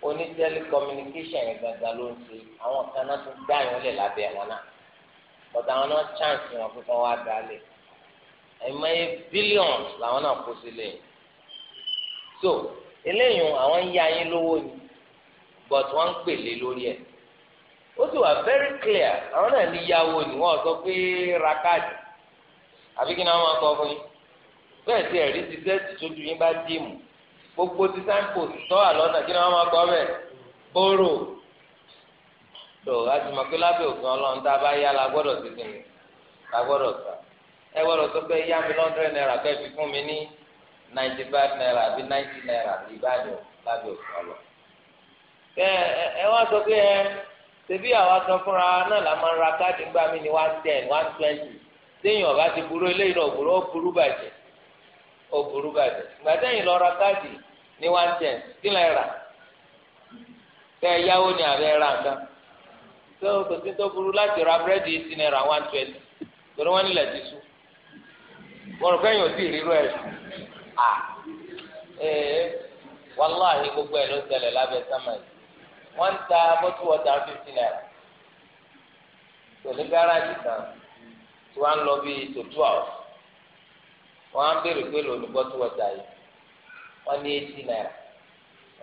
oní telecommunication yẹn gbàgbà ló ń ṣe àwọn kan náà tún gbá yẹn lè lábẹ́ wọn náà but àwọn náà chance wọn fífọ́n wá dalẹ̀ ẹ̀mọ́ye billions làwọn náà kó sílẹ̀ yìí so eléyìí àwọn ń ya yín lówó ni but wọ́n ń pèlè lórí ẹ̀ ó sì wà very clear àwọn náà ní yàwó ni wọ́n sọ pé ra káàdì àbí kí ni wọ́n máa kọ́ fún yín bẹ́ẹ̀ sí ẹ̀rí ti sẹ́ẹ̀tì tójú yín bá dìímù gbogbo ti sampo tọ́ àlọ́nà kí ni wọ́n máa kọ́ bẹ́ẹ̀ bóró tó láti mọ̀ pé lábẹ́ òfin ọlọ́run tá a bá yá la gbọ́dọ̀ sí kìnnì la gbọ́dọ̀ sà ẹ gbọ́dọ̀ tó pé yá mi lọ́ndrẹ́ náírà kẹ́ fi fún mi ní ninety five naira àbí ninety naira àbí ìbáàdì lábẹ́ òfin ọlọ́ ẹ ẹ wá sọ pé ẹ ṣebí àwa san fúnra náà la máa ń ra káàdì gbà mí ní one ten one twenty téèyàn ọba ti burú eléyìí náà burú ó burú bàjẹ́ ó burú bàjẹ́ gbàtẹ́yìn lọ ra káàdì ní one ten kí lè rà tẹ yáwó ni àbẹ rà nǹkan tó kò tó láti ra búrẹ́dì eighty naira one twenty torí wọ́n nílẹ̀ ti sú mo rò fẹ́yìn òsì ríru ẹ̀ à ee wàláhì gbogbo ẹ̀ ló ṣẹlẹ̀ lábẹ́ sámà wọ́n ta bọ́tú wọ́tà fifty naira tòlí gáràjì kan tí wọ́n lọ wọn á béèrè pé lòun ní bọ́tú yìí wọ́n ní eighty naira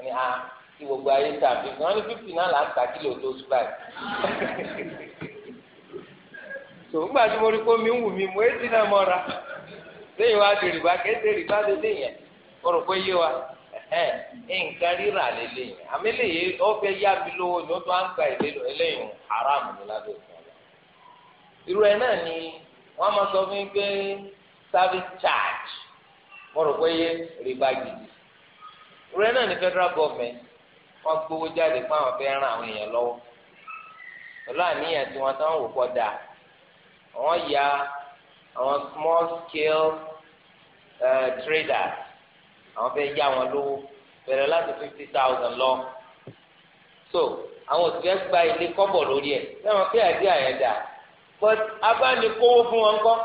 ní a ah, kí gbogbo ayé ta fífi wọ́n ní náà là ń ta kílò tó sùn báyìí. ńgbà tí mo rí kó mi ń wù mí mo eighty náà mọ́ ra lẹ́yìn wa di rìbá kéde rìbá lé léyìn mo rò pé yé wa nǹkan rírà léyìn àmì service charge mo rò pé yé rìbá gidi rẹ náà ní federal government wọn gbowó jáde fún àwọn fẹ́ẹ́ ran àwọn èèyàn lọ́wọ́ pẹ̀lú àníyàn tí wọ́n táwọn wò kọ́ da àwọn ya àwọn small scale uh, traders àwọn fẹ́ẹ́ yá wọn lówó bẹ̀rẹ̀ láti fifty thousand lọ so àwọn òṣìṣẹ́ gba ilé kọ́bọ̀ lórí ẹ̀ sẹ́wọ̀n pé àdé àyẹ̀dà but abánikówó fún wọn kọ́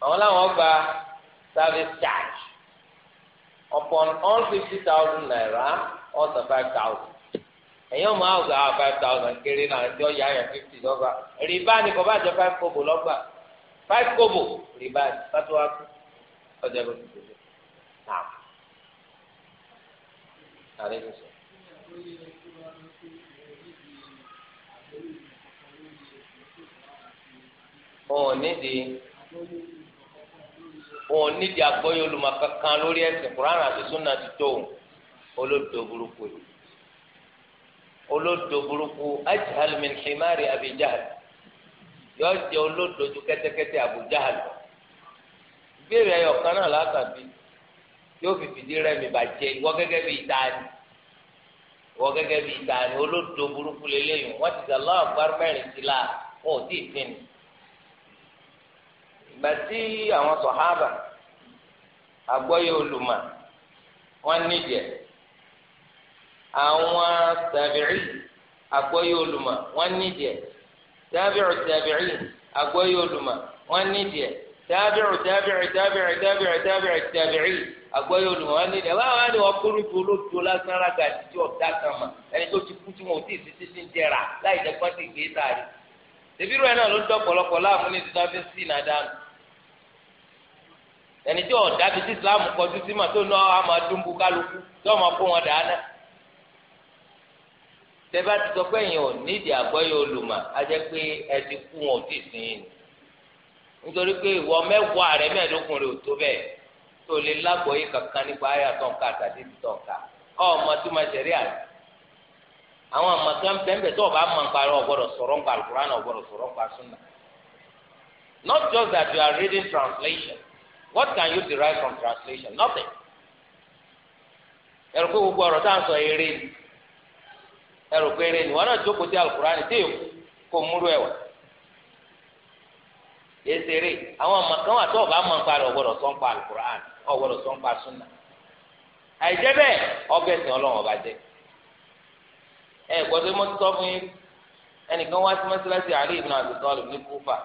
àwọn làwọn gba service charge upon all fifty thousand naira all the five thousand ẹ̀yin ọmọ àwọn gba five thousand kéré náà ẹjọ́ yá yẹn fifty lọ́gbà rìbá ni kò bá jẹ five kobo lọ́gbà five kobo rìbá kátó wá kú ọjọ́ ìbò tó tẹ̀lé náà àlẹ́ mi sọ. òun nídìí. òun nídìí agbóyè olùmọ̀kankan lórí ẹ̀sìn Kùránì àti súnà ti tó òun olódò burúkú olódò burúkú himari yóò jẹ olódò ju ìbéèrè látàbí yóò fi fìdí rẹmi ìwọ bíi ìwọ bíi olódò burúkú lélẹyìn wọn ti dà lọ la ni. ìgbà tí àwọn sọ̀hábà àgbọ́yé olùmọ̀ wọ́n nídìí ẹ̀ àwọn tàbíì àgbọ́yé olùmọ̀ wọ́n nídìí ẹ̀ tàbíì tàbíì àgbọ́yé olùmọ̀ wọ́n nídìí ẹ̀ tàbíì tàbíì tàbíì tàbíì tàbíì tàbíì àgbọ́yé olùmọ̀ wọ́n nídìí ẹ̀ wọ́n wá ní wọ́n kúrú ju olóòtú lásán rága àtijọ́ ọ̀dá kan mọ̀ ẹni tó ti kú tí wọn ò tí ì sí jẹrà láì dẹ́gbọ́n ti gbé e sáré tẹ̀bírù ẹ̀ náà ló ń dọ́pọ̀lọpọ̀ láàmú ní ti ẹni tí ọ̀dà bíi islam kọjú sí màtó ní ọ àmà kálukú tí ọ kó wọn dáná. tẹ́bá ti sọ pé èèyàn ò nídìí àgbọ́yé olùmọ̀ á jẹ́ pé ẹtì kú wọn ò tí sìn nítorí pé ìwọ mẹ́wàá rẹ mẹ́ẹ̀ẹ́dógún rẹ ò tó bẹ́ẹ̀ tó lè kankan nípa àyà àtàdé ọmọ àwọn bẹ́ẹ̀ tó o mọ̀ nípa rẹ sọ̀rọ̀ nípa translation What can you derive from translation? Nothing. Ẹ̀rọ pé gbogbo ọ̀rọ̀ tá à ń sọ eré ni. Ẹ̀rọ pé eré ni. Wọ́n náà jókòó sí Alukurani tí èkó kò múrú ẹ̀wà. Èsèré àwọn ọmọ kan wà tó ọba máa ń pa rẹ̀ ọ̀gbọ́dọ̀ sọ́n pa Alukurani ọ̀gbọ́dọ̀ sọ́n pa Sunna. Àìjẹ́ bẹ́ẹ̀ ọbẹ̀ sìn ọba jẹ́. Ẹ gbọ́dọ̀ mọ́ sọ fún yín ẹnìkan wá sí mọ́sálásí Ali ibn Abi Talib ní Kúfà.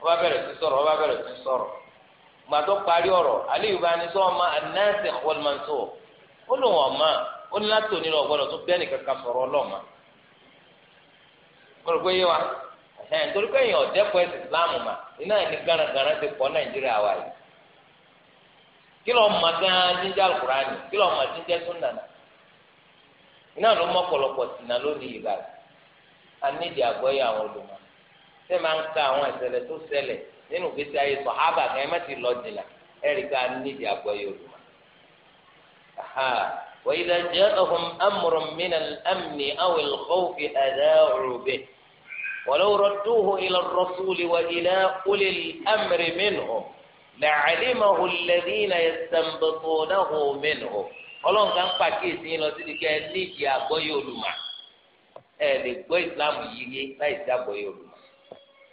Ó bá bẹ̀rẹ̀ sí sọ̀rọ̀ ó bẹ̀rẹ̀ sí sọ̀rọ̀. gbàtọ parí ọ̀rọ̀ aliyu bá ní sọọ ma anáàsì ó lò wọn ma ó ní látò nílò ọgbọ́dọ̀ tó bẹ́ẹ̀ nìkan ká sọ̀rọ̀ ọlọmọ kọlọ pé yé ẹn torí pé èèyàn ọ̀dẹ́pọ̀ ẹ̀sìn islamu iná ẹni garagara ti nàìjíríà wa yìí kí lọ́ọ́ ma gán jíjá alukurani kí ma jíjá sunnana iná ló mọ pọ̀lọpọ̀ sínà lónìí yìí báyìí a nídìí àwọn olùmọ̀ sẹ́ẹ̀ máa ń ka àwọn nínú gbèsè ayé sọ̀hábà kan ẹ má ti lọ jìnnà ẹ rí àgbọ̀ yorùbá. وإذا جاءهم أمر من الأمن أو الخوف أذاعوا به ولو ردوه إلى الرسول وإلى أولي الأمر منهم لعلمه الذين يستنبطونه منهم ọlọ́run kan pàkíyèsí yín lọ sí ike nídìí àgbọ́yé olùmọ̀ ẹ̀ lè gbọ́ ìsìlámù yìí yé láì sí àgbọ́yé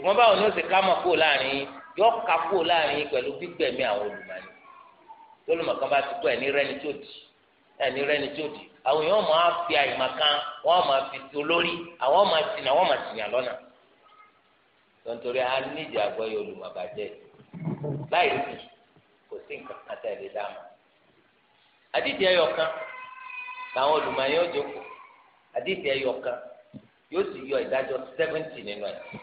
ṣùgbọ́n báwo ni ó sì ká mọ̀ kó láàrin yín yọ ká kó láàrin yín pẹ̀lú gbígbẹ̀mí àwọn olùmọ̀ọ́ni tólùmọ̀kan bá ti kú ẹ̀ ní rẹ́ni tó dì ẹni rẹ ni tí o di àwọn yẹn wọn máa fi àyìnbá kan wọn máa fi ti olórí àwọn máa ti nà wọn máa ti yàn lọ́nà tontori a nídìí àgbọ̀ yìí olùmọ̀bàjẹ́ láì sí kò sí nǹkan kan tẹ̀ lé dáàmú àdìdì ẹyọ kan làwọn olùmọ̀yẹ́ òjòkó àdìdì ẹyọ kan yóò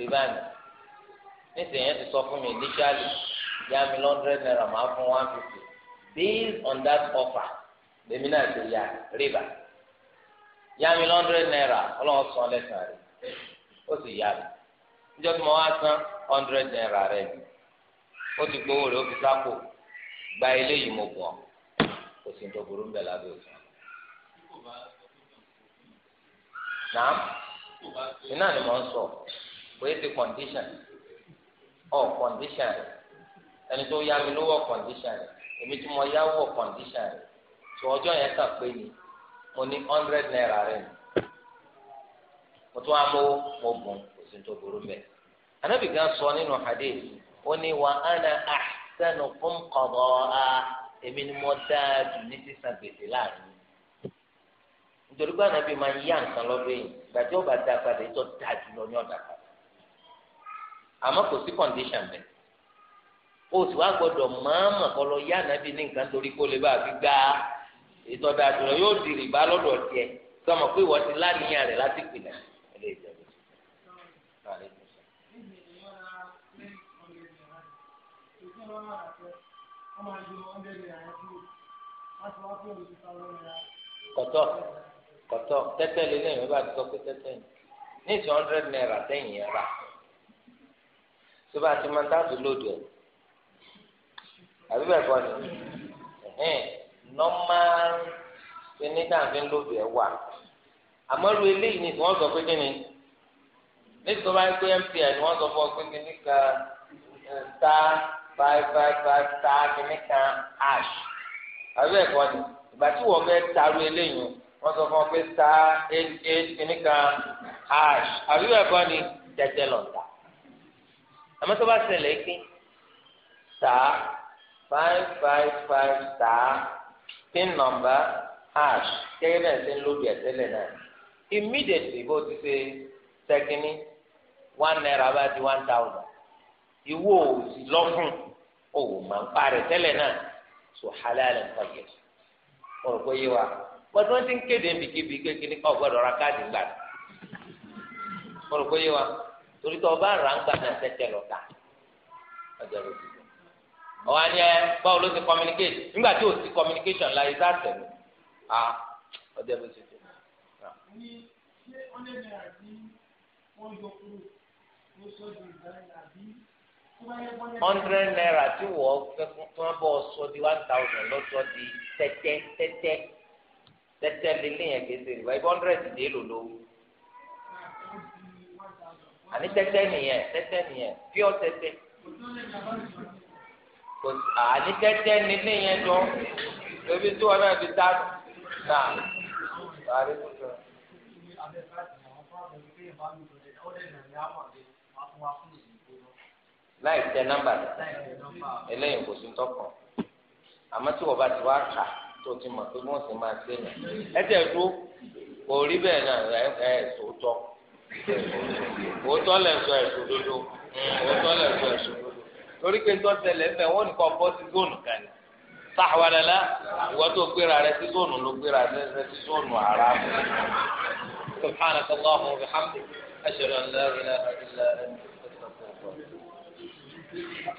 rìbáàni nísìnyí yẹn ti sọ fún mi initially yá mi lọ́ndrẹ́d náírà máa fún one fifty based on that offer lèmi náà ti yá rìbá yá mi lọ́ndrẹ́d náírà ọlọ́wọ́ sọ lẹ́sàn-án rẹ̀ ó sì yá mi níjọ́ tí mo wá san hundred náírà rẹ̀ mi ó ti gbowó rẹ̀ ó fi sápò gba eléyìí mo bọ̀ kò sí ní ń bẹ̀ lábẹ́ òfin nàá iná ni mò ń sọ kòye ti kọ̀ǹdíṣàn ọ̀ kọ̀ǹdíṣàn rẹ̀ ẹni tó yá mi lówó kọ̀ǹdíṣàn rẹ̀ èmi tí mo yá wọ̀ kọ̀ǹdíṣàn rẹ̀ tó ọjọ́ yẹn kàn pé ni mo ní hundred naira rẹ̀ ni mo tún wá mówó mo bùn kò sí tó burú bẹ́ẹ̀. anábì gan sọ nínú hadith ó ní wa ana ahsanukum qada'a èmi ni mo dáa jù ní sísan gbèsè láàrin nítorí pé anábì máa ń yá nǹkan lọ́dún yìí gbàtí ó bá dáa padà ètò dáa jù lọ ní ọ̀dà kan àmọ́ kò sí condition bẹ́ẹ̀ o sì wá gbọdọ̀ máàmà kọ́ lọ yá nàbí ní nǹkan torí kó lè bá a fi gbá ìtọ́jú àtúnrọ̀ yóò di rìbá lọ́dọ̀ tiẹ̀ sọmọ pé ìwọ ti láníyàn rẹ̀ láti pìlẹ̀ ilé ìjọba. kọtọ kọtọ tẹtẹ lélẹyìn bá ti sọ pé tẹtẹ ní two hundred naira tẹyìn yẹn rà tó bá ti máa ń dáàbò lòdù ẹ̀ àbí bẹ́ẹ̀ kọ́ ni normal senator fi ń lòdù ẹ̀ wà àmọ́ lu eléyìí ni wọ́n sọ pé kí ni nítorí tó bá ń pé mpn wọ́n sọ fún ọ pé kí ni ká ta five five five ta kí ni ká ash àbí bẹ́ẹ̀ kọ́ ni ìgbà tí wọ́n fẹ́ taru eléyìí wọ́n sọ fún ọ pé ta eight eight kí ni ká ash àbí bẹ́ẹ̀ kọ́ ni tẹ̀tẹ̀ lọ́ta àmọ́ tó bá ṣẹlẹ̀ kí star five five five star pin number hash kẹ́kẹ́ náà ṣe ń lóbi ẹ̀tẹ́lẹ̀ náà immediately bó ti ṣe tẹ́kíní one naira bá di one thousand ìwọ ò sì lọ fún òwò máa ń parẹ́ tẹ́lẹ̀ náà so halal nǹkan yẹ wọn rò pé yé wa pọtù wọn ti ń kéde bìkíbi kékeré kọ́ gbọ́dọ̀ ra káàdì gbà wọn rò pé yé wa torí tó o bá rà ń gbà náà tẹ́tẹ́ lọ tà ọjà ló ti bọ̀. ọ̀wá ni ẹ báwo ló ti communicate nígbà tí o ti communication La sá tẹ̀lé a ọjà ló ti bọ̀. ní ṣé wọ́n lè nà àbí wọ́n yọ kúrò ló sọ́jú ìdáná àbí hundred naira tí wọ́n fẹ́ fún bọ́ sọ di one thousand lọ́sọ̀ di tẹ́tẹ́ tẹ́tẹ́ tẹ́tẹ́ lélẹ́yìn kìí ṣe ìwà ibi hundred dé lòlówó àní tẹ́tẹ́ nìyẹn tẹ́tẹ́ nìyẹn pure tẹ́tẹ́ kò àní tẹ́tẹ́ nílé yẹn dùn ebi tí wọn náà fi ta nà àrí tuntun. láì tẹ nọ́mbà rẹ eléyìí kò sí ń tọkàn àmọ́ tí wọn bá ti wá kà tó ti mọ̀ pé wọn sì máa ṣe é nà ẹ tẹ dúró kò rí náà ẹ ẹ sòótọ́ òótọ́ lẹ̀ ń sọ ẹ̀sùn dodo hmm, òótọ́ lẹ̀ ń sọ ẹ̀sùn dodo torí pé tó tẹlẹ̀ ń bẹ̀ wọ́n nìkan bọ́ sí zónù kan ní sáwàdàlá ìwọ tó gbéra rẹ sí zónù ló gbéra rẹ sí zónù ara mu subhanaka allahumma wa bihamdika an la ilaha illa anta